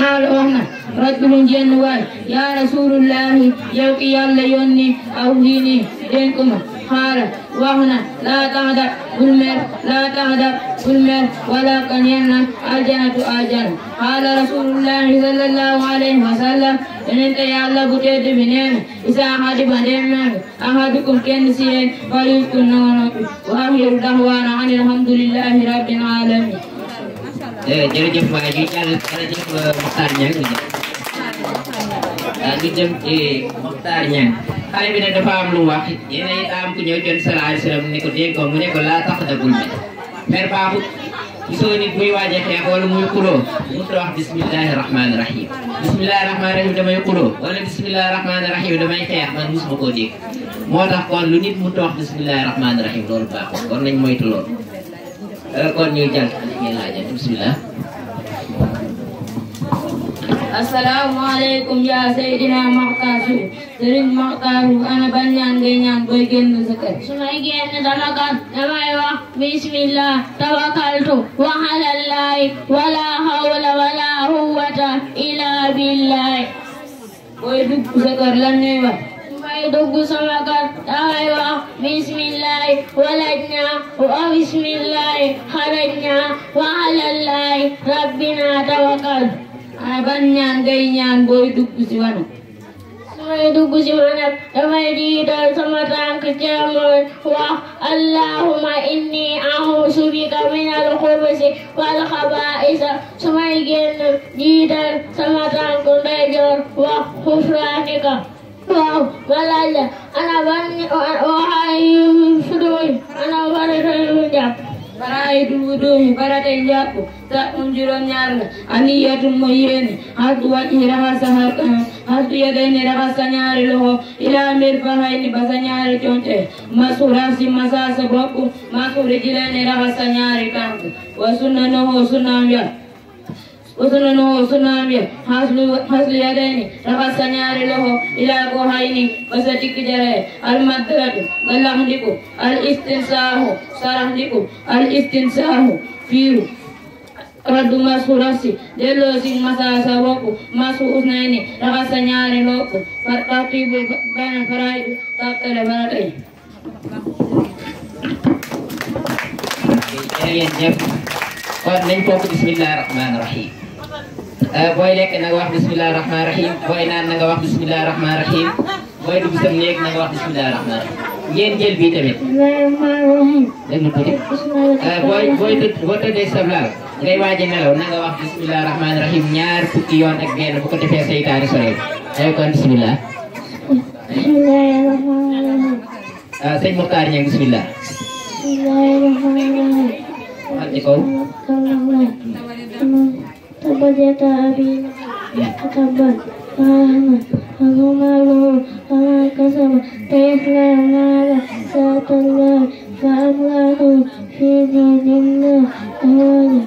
haala ohna raddulum jenno wawi ya rasulullahi yawqi allah yonni awhini ɗenɗuma haala wahna la tahda gulmer la tahda gulmer wala kañenna aljanatu aljana haala rasulullahi sallllahu alayhi wa sallam yonent yàlla bu tedd bi neen isaa xadiba dem ahadukum kenn si yéen fa yuskun noonu wa axiru daxwaana an alhamdulillahi rabbil alamin jërëjëf waay ñu jàll jërëjëf Mokhtar Niang ñu jëm ci Mokhtar Niang xale bi ne dafa am lu wax yéen am ku ñëw jot sallallahu alayhi wasallam ne ko ko mu ne ko laa tax dagul bi mer baaxut gisoni buy wajah xex ya, wala muy xulo mu ta wax bismillahir rahim bismillahir rahmanir rahim damay xulo wala bismillahir rahmanir rahim damay xex man musuma ko deg motax kon lu nit mu ta wax rahim lolou baxo kon nañ moytu lolou kon ñu jall bismillah assalamu aleykum ya seydina maxtaar Sow sëriñ maxtaar ana ban ñaan ngay ñaan booy génn sa kër su may génn dama kan damay wax bismillah tawakaltu wa alallahi wala hawla wala quwwata illa billahi booy dugg sa kër lan ngay wax may dugg sama kër damay wax bismillahi walajna wa bismillahi xarajna wa alallahi rabbina tawakaltu waaye ban ñaan ngay ñaan booy dugg ci wanu may dugg ci wanu damay jiital sama tànk càmmoñ wax allahumma inni a'uuzu minal xubusi wal xabaa'isa su may génn jiital sama ndeyjoor wax xufraanika waaw malaja ana ban waxaayu suduy ana bari tey bu Baraidu wudum barata ijaku tak unjuran nyarna ani yadum moyen hatu wati rahasa hatu hatu yadaini rahasa nyari loho ila mir fahaini basa nyari chonte masurasi masasa boku masuri jilani rahasa nyari kanku wasunna noho usulunu usulami ya. haslu hasli yadaini rafasani ari loho ila kohaini masati kijare al madhadu galahandiku al istinsahu sarahandiku al istinsahu firu Radu masu rasi, jelo sing masa woku masu usnaini, rakasa nyari loku, tapi bu banyak karai, tak ada banyak Ya, ya, ya. Bismillahirrahmanirrahim. Eh, boy lek na nga wax bismillah rahman rahim boy nan na nga wax Bismillah rahman rahim boy Yen eh, sa lek na nga wax bismillah rahman rahim ngeen jël bi tamit. dégg nga tuuti. booy booy tëdd boo tëddee sa laal ngay waji nelaw na nga wax bismillah rahman rahim ñaar fukki yoon ak ben bu ko defé seytaane sore day kon Bismillah. sëñ Muxtaar ñeeg bisimilah. waxal ci kaw. تبت يدا أبي تبت وهنا وهما وما كسب سيصلى نارا ذات الله فأملاك في دين الله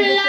Love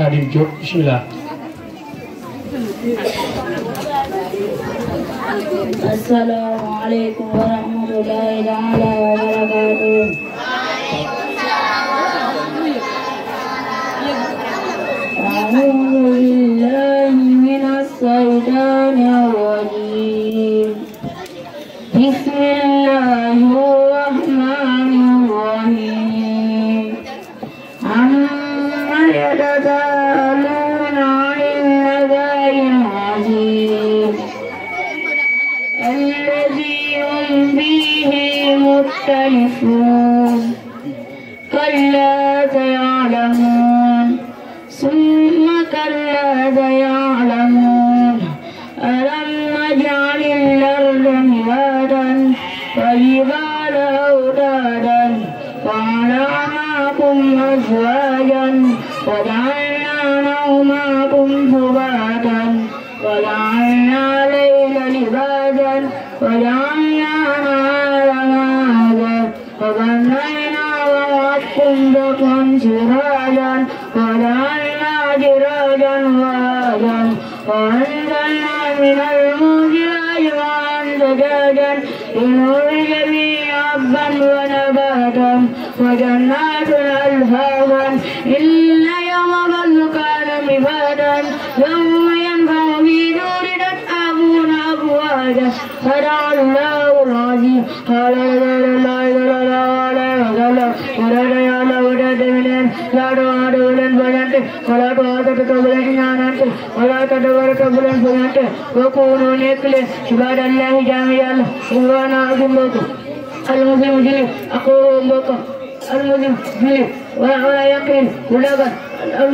Khadim Diop bismillah Ooh.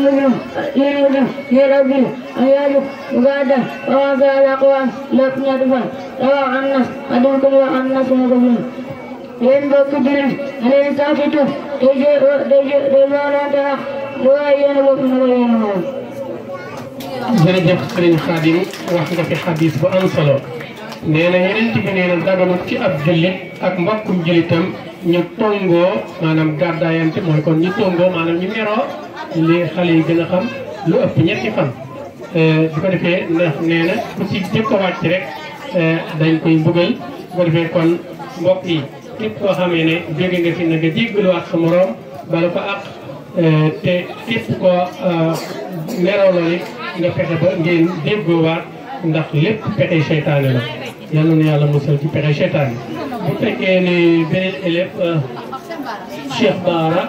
يوم يوم يربين أيام مقادة وقال أقوام لكن يدفع روى عنا أدوكم وعنا سنقبل ينبغي جلس الإنسافة تجي رمانتها وين وقنا وينهم jërëjëf sëriñ Xaadim wax nga fi xadis bu am solo nee na yeneen bi nee ci ab jullit ak mbokkum jullitam ñu tongoo maanaam gàddaayante mooy kon ñu tongoo maanaam ñu meroo li xale yi gën a xam lu ëpp ñetti fan. Euh, bu ko defee ndax nee ku ci jëkk a wàcc euh, ko defee kon mbokk yi képp koo xamee ne jóge sa moroom bala ko àq euh, te képp koo meraloo it nga fexe ba ngeen déggoowaat ndax lépp pexe seytaane la yal na yàlla musal ci pexe seytaane bu fekkee ne beneen élève Cheikh Bara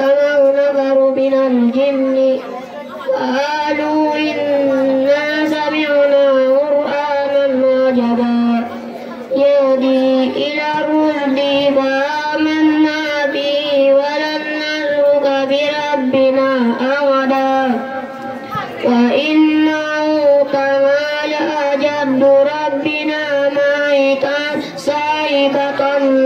فاجتمعوا نفر من الجن قالوا إنا سمعنا قرآنا عجبا يهدي إلى الرشد فآمنا به ولن نشرك بربنا أبدا وإنه كما جد ربنا ميتا سائقة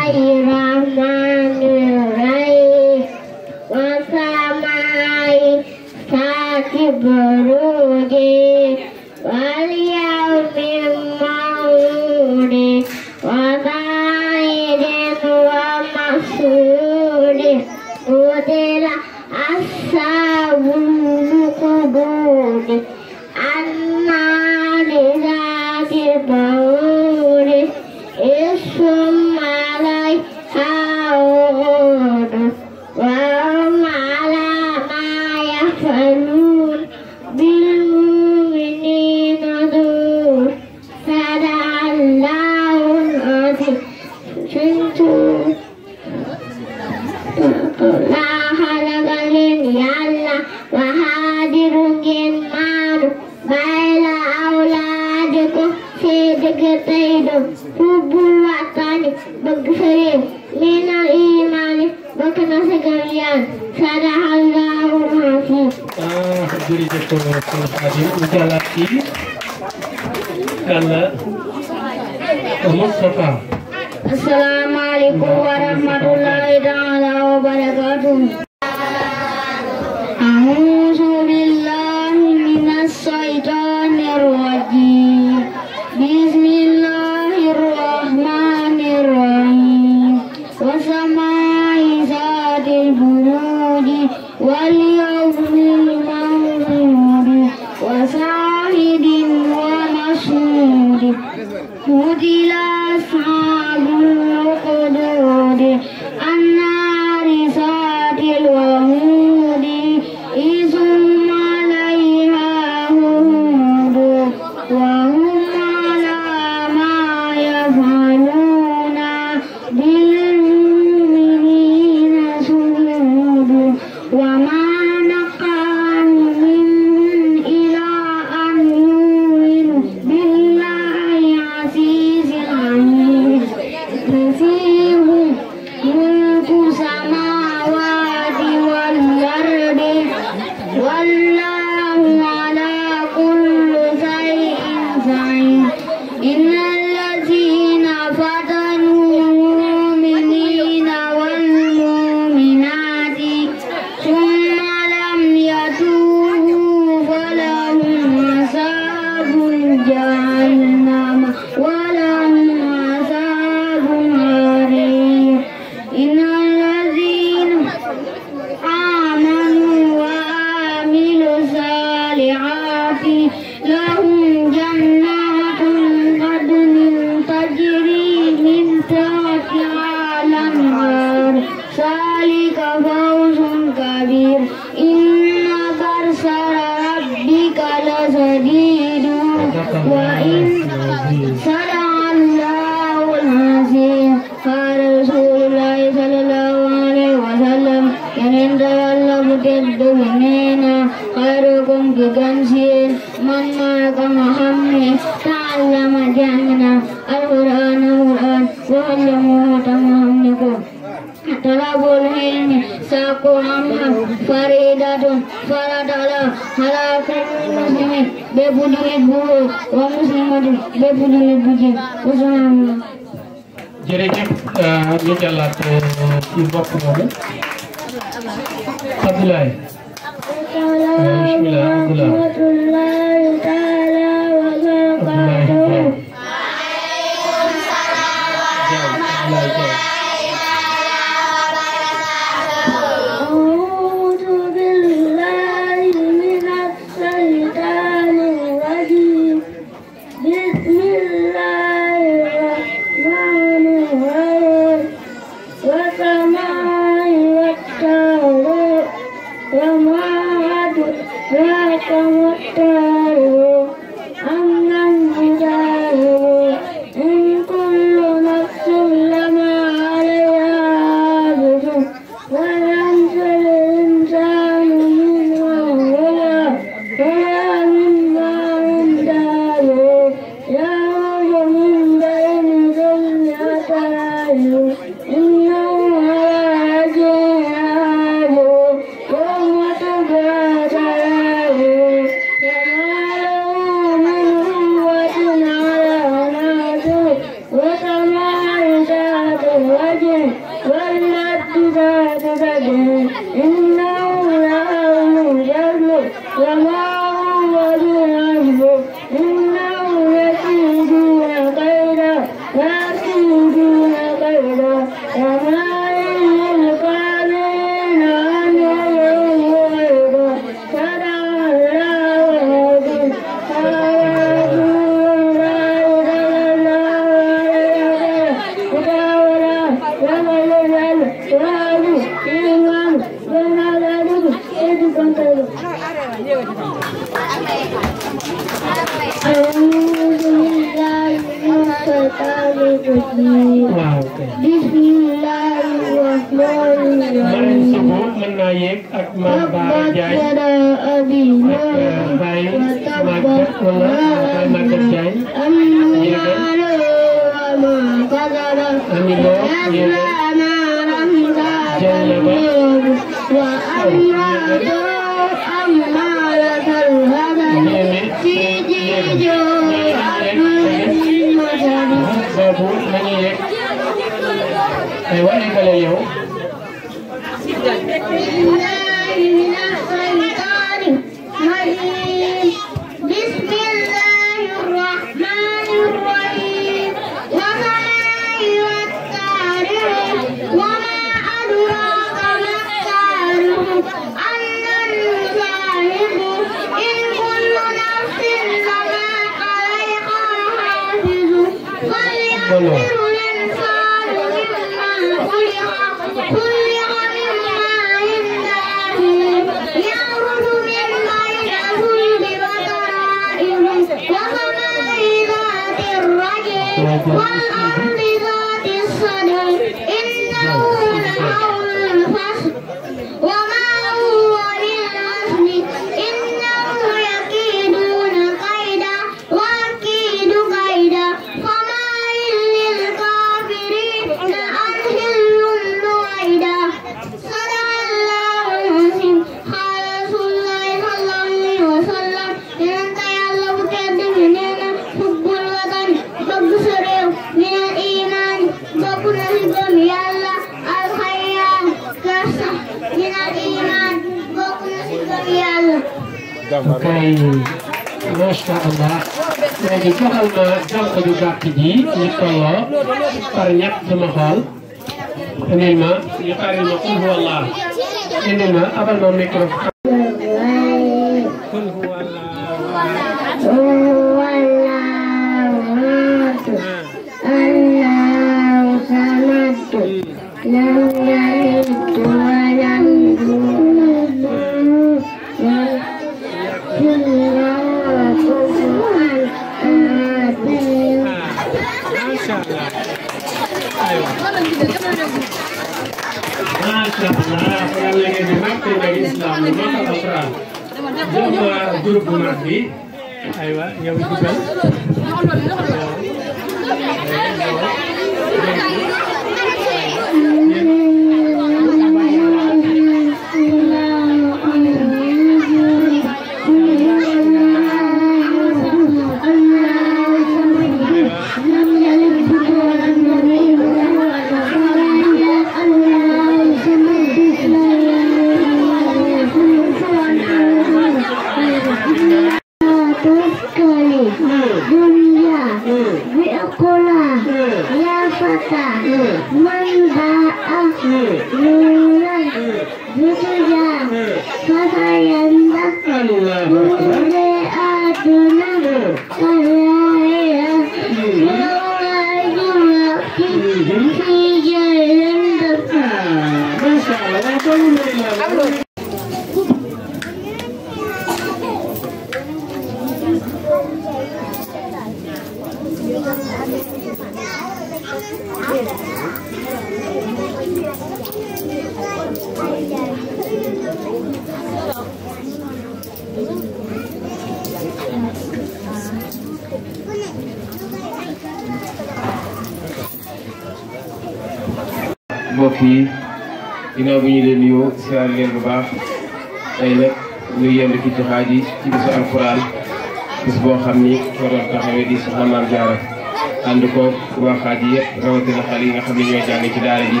waaxaat yi yëpp rawatina xale yi nga xam ne ñoo jàng ci daara ji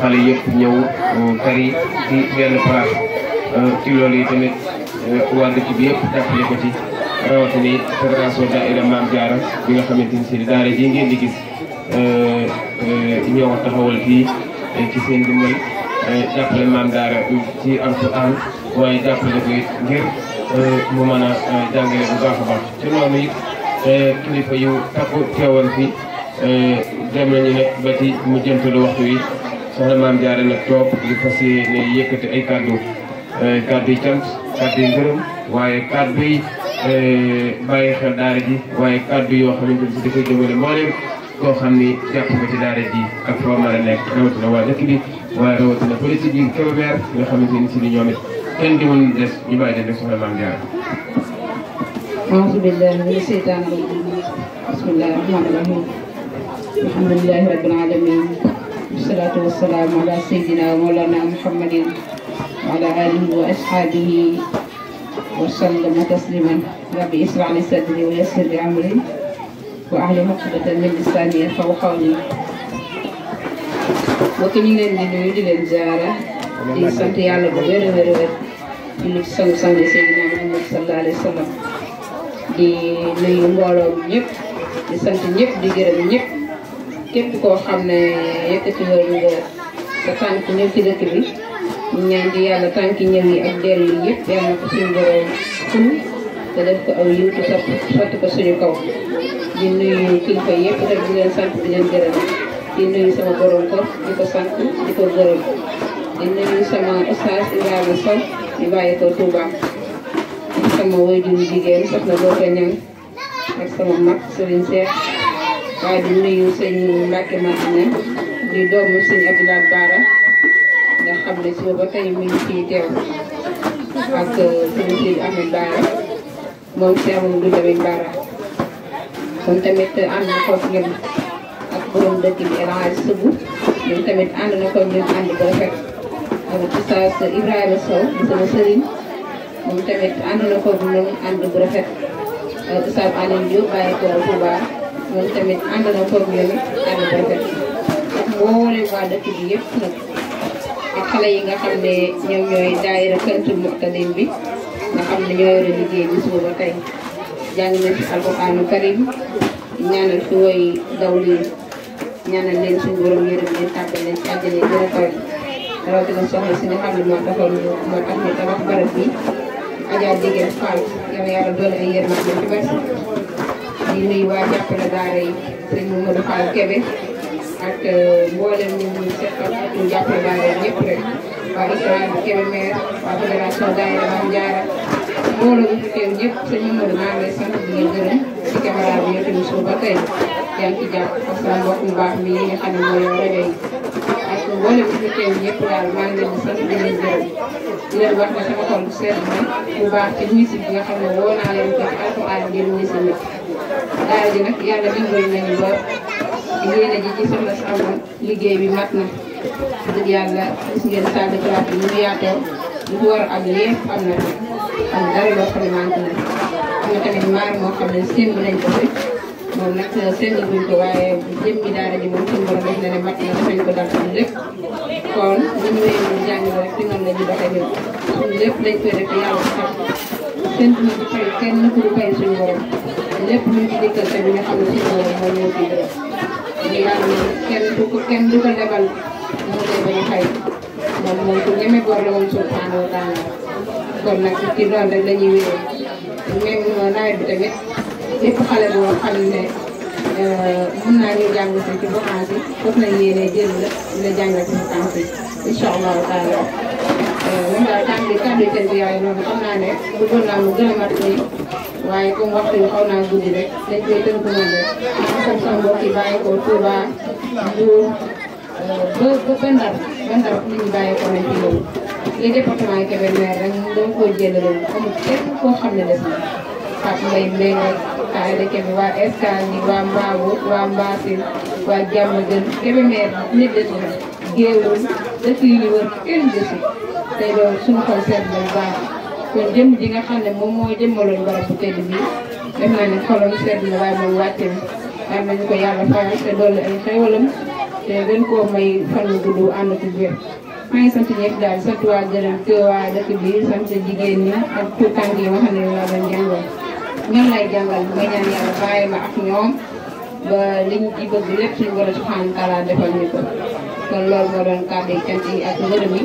xale yëpp ñëw tari ci benn euh, loolu yi tamit euh, waa dëkk bi yëpp jàppale ko ci rawatina it fédération daayira Maam daara ji ngeen di gis euh, ñoo taxawal fii ci seen dimbal jàppale Maam Jaara ci alxuraan waaye jàppale ko mu mën a jàngale bu baax a baax ci noonu it kilifa yu takku teewal fii dem nañu nag ba ci mu jëmtalu waxtu wi soxna maam jaare nag toog di fas yéene yëkkati ay kàddu kàddu yi cant kàddu yi ngërëm waaye kàddu yi bàyyi xel daara ji waaye kàddu yoo xamante ni da koy jëmale mbooleem koo xam ni jàpp nga ci daara ji ak foo mën a nekk rawatina waa dëkk bi waaye rawatina fële ci biir Kébémer nga xamante ni si ni ñoom it kenn di mën des ñu bàyyi leen rek soxna maam jaara أعوذ بالله من الشيطان الرجيم بسم الله الرحمن الرحيم الحمد لله رب العالمين والصلاة والسلام على سيدنا ومولانا محمد وعلى آله وأصحابه وسلم تسليما ربي اسرع لي صدري ويسر لي أمري وأعلي مقدة من لساني يرفع قولي وكلنا ننوي للزيارة في سنة يالا بغير غير غير ينوي سنة سنة سيدنا محمد صلى الله عليه وسلم di nuyu mbolom ñep di sant ñep di gërëm ñep képp koo xam ne yëkkati loolu nga sa tànk ñëw ci dëkk bi ñaan di yàlla tànki ñëw yi ak dellu yi yëpp yàlla ko suñu borom ful te def ko aw yiw te sotti ko suñu kaw di nuyu kilifa yëpp rek di leen sant di leen gërëm di nuyu sama borom ko di ko sant di ko gërëm di nuyu sama oustaz Ibrahima Sow di bàyyi ko Touba sama waajur jigéen soxna Bokka Ñang ak sama mag Serigne Cheikh waaye di nuyu sëñ Mbacke Madina di doomu sëñ Abdoulaye Bara nga xam ne si ba tey mi ngi teew ak si amoon du demee Bara moom tamit ànd na koog ñun moom tamit ànd na koog ñun ànd bu rafet ak Oustaz Ibrahima Sow di sama sëriñ moom tamit ànd na koog ñun ànd bu rafet euh, Oustaz Alioune Diop bàyyi ko Touba moom tamit ànd na toog yooyu yi nga xam ne ñoom ñooy daayira Kanzul Muhtadin bi nga xam ne ñoo yore liggéey bi suba ba tey jàng na ci alxuraanu karim ñaanal fi woy daw lii ñaanal leen suñu borom yërëm leen tàbbal leen ci àjjana gën nga xam ne moo taxoon moo tax ñu di nuyu waa jàppale daara yi sëñ Mamadou Fall Kébé ak euh, mboolem ñu ngi seqal ak ñu jàppale daara yi ñëpp rek waa ISRA Kébé maire waa fédération daara Mame Diarra mbooloo ñu fi teew ñëpp sëñ Mamadou maa ngi lay sant di la gërëm ci caméra bi nga tënk suuf ba tey yaa ngi ci jàpp parce que mbokk mu baax mi yi nga xam ne mooy rajo yi. ak mboolem ñu fi teew ñëpp daal maa ngi leen di sant di leen gërëm di leen wax ne sama xol bu seet na bu baax ci ministre bi nga xam ne woo naa leen ko alxuraan ngeen ministre bi. daara ji nag yàlla dimbali nañu ba yéene ji ci soxna Samb liggéey bi mat na dëgg yàlla gis ngeen salle de classe bi ñu yaatoo lu ko war a am lépp am na ko am dara loo xam ne manqué na am na tamit maar moo xam ne sémb nañ ko fi moom nag sémb buñ ko waaye jëmmi daara ji moom suñu borom def na ne mat na defañ ko dal am lépp kon ñun ñooy ñu jàng rek ci noonu la ñu doxee ñun lépp dañ koy def yàlla sax seen tuuti fay kenn ku ñu fay suñu borom. lépp luy indi kër bi nga xam ne si loolu moo ñëw di kenn du ko lebal moom moom ku ñeme la moom subhanahu wa taala kon nag ci loolu rek la ñuy wéyee même nawet bi tamit lépp xale boo xam ne mën naa ñu jàng si ci boppam foofu la ñuy jël la dina jàngal si boppam si incha allahu taala. man daal tànn tànn cant yàlla noonu xam naa ne bëggoon naa mu gën a mat nii waaye comme waxtu yi xaw naa guddi rek dañ koy tënk noonu rek. comme sama mbokk yi bàyyi ko Touba Ndiour ba ba ba Ndar ba Ndar nit ñi bàyyi ko nañ fi loolu. les départements yi Kébémer rek ñu doon koo jëlee loolu amul kenn koo xam ne des na Pape Mbaye Mbengue ay dëkk bi waa Escale ni waa Mbabo waa Mbasine waa Diamaguène Kébémer nit des na. Géewul dëkk yu ñu wër kenn des na. day doon suñu xol seet bu baax kon jëmm ji nga xam ne moom moo jëmmaloon barab bu na waaye moom wàcce na waaye ko yàlla fayal te dolli ay xéwalam te gën koo may fan wu gudd ànd ak wér. maa ngi sant ñi ak tout tànk yi nga xam ne laa doon jàngal ñoom lay jàngal ma ñaan ba liñ ci bëgg lépp yi cant yi ak ngërëm yi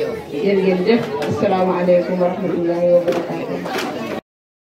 jërë ngeen jëf asalaamaaleykum wa rahmatullahi wa barakaatu.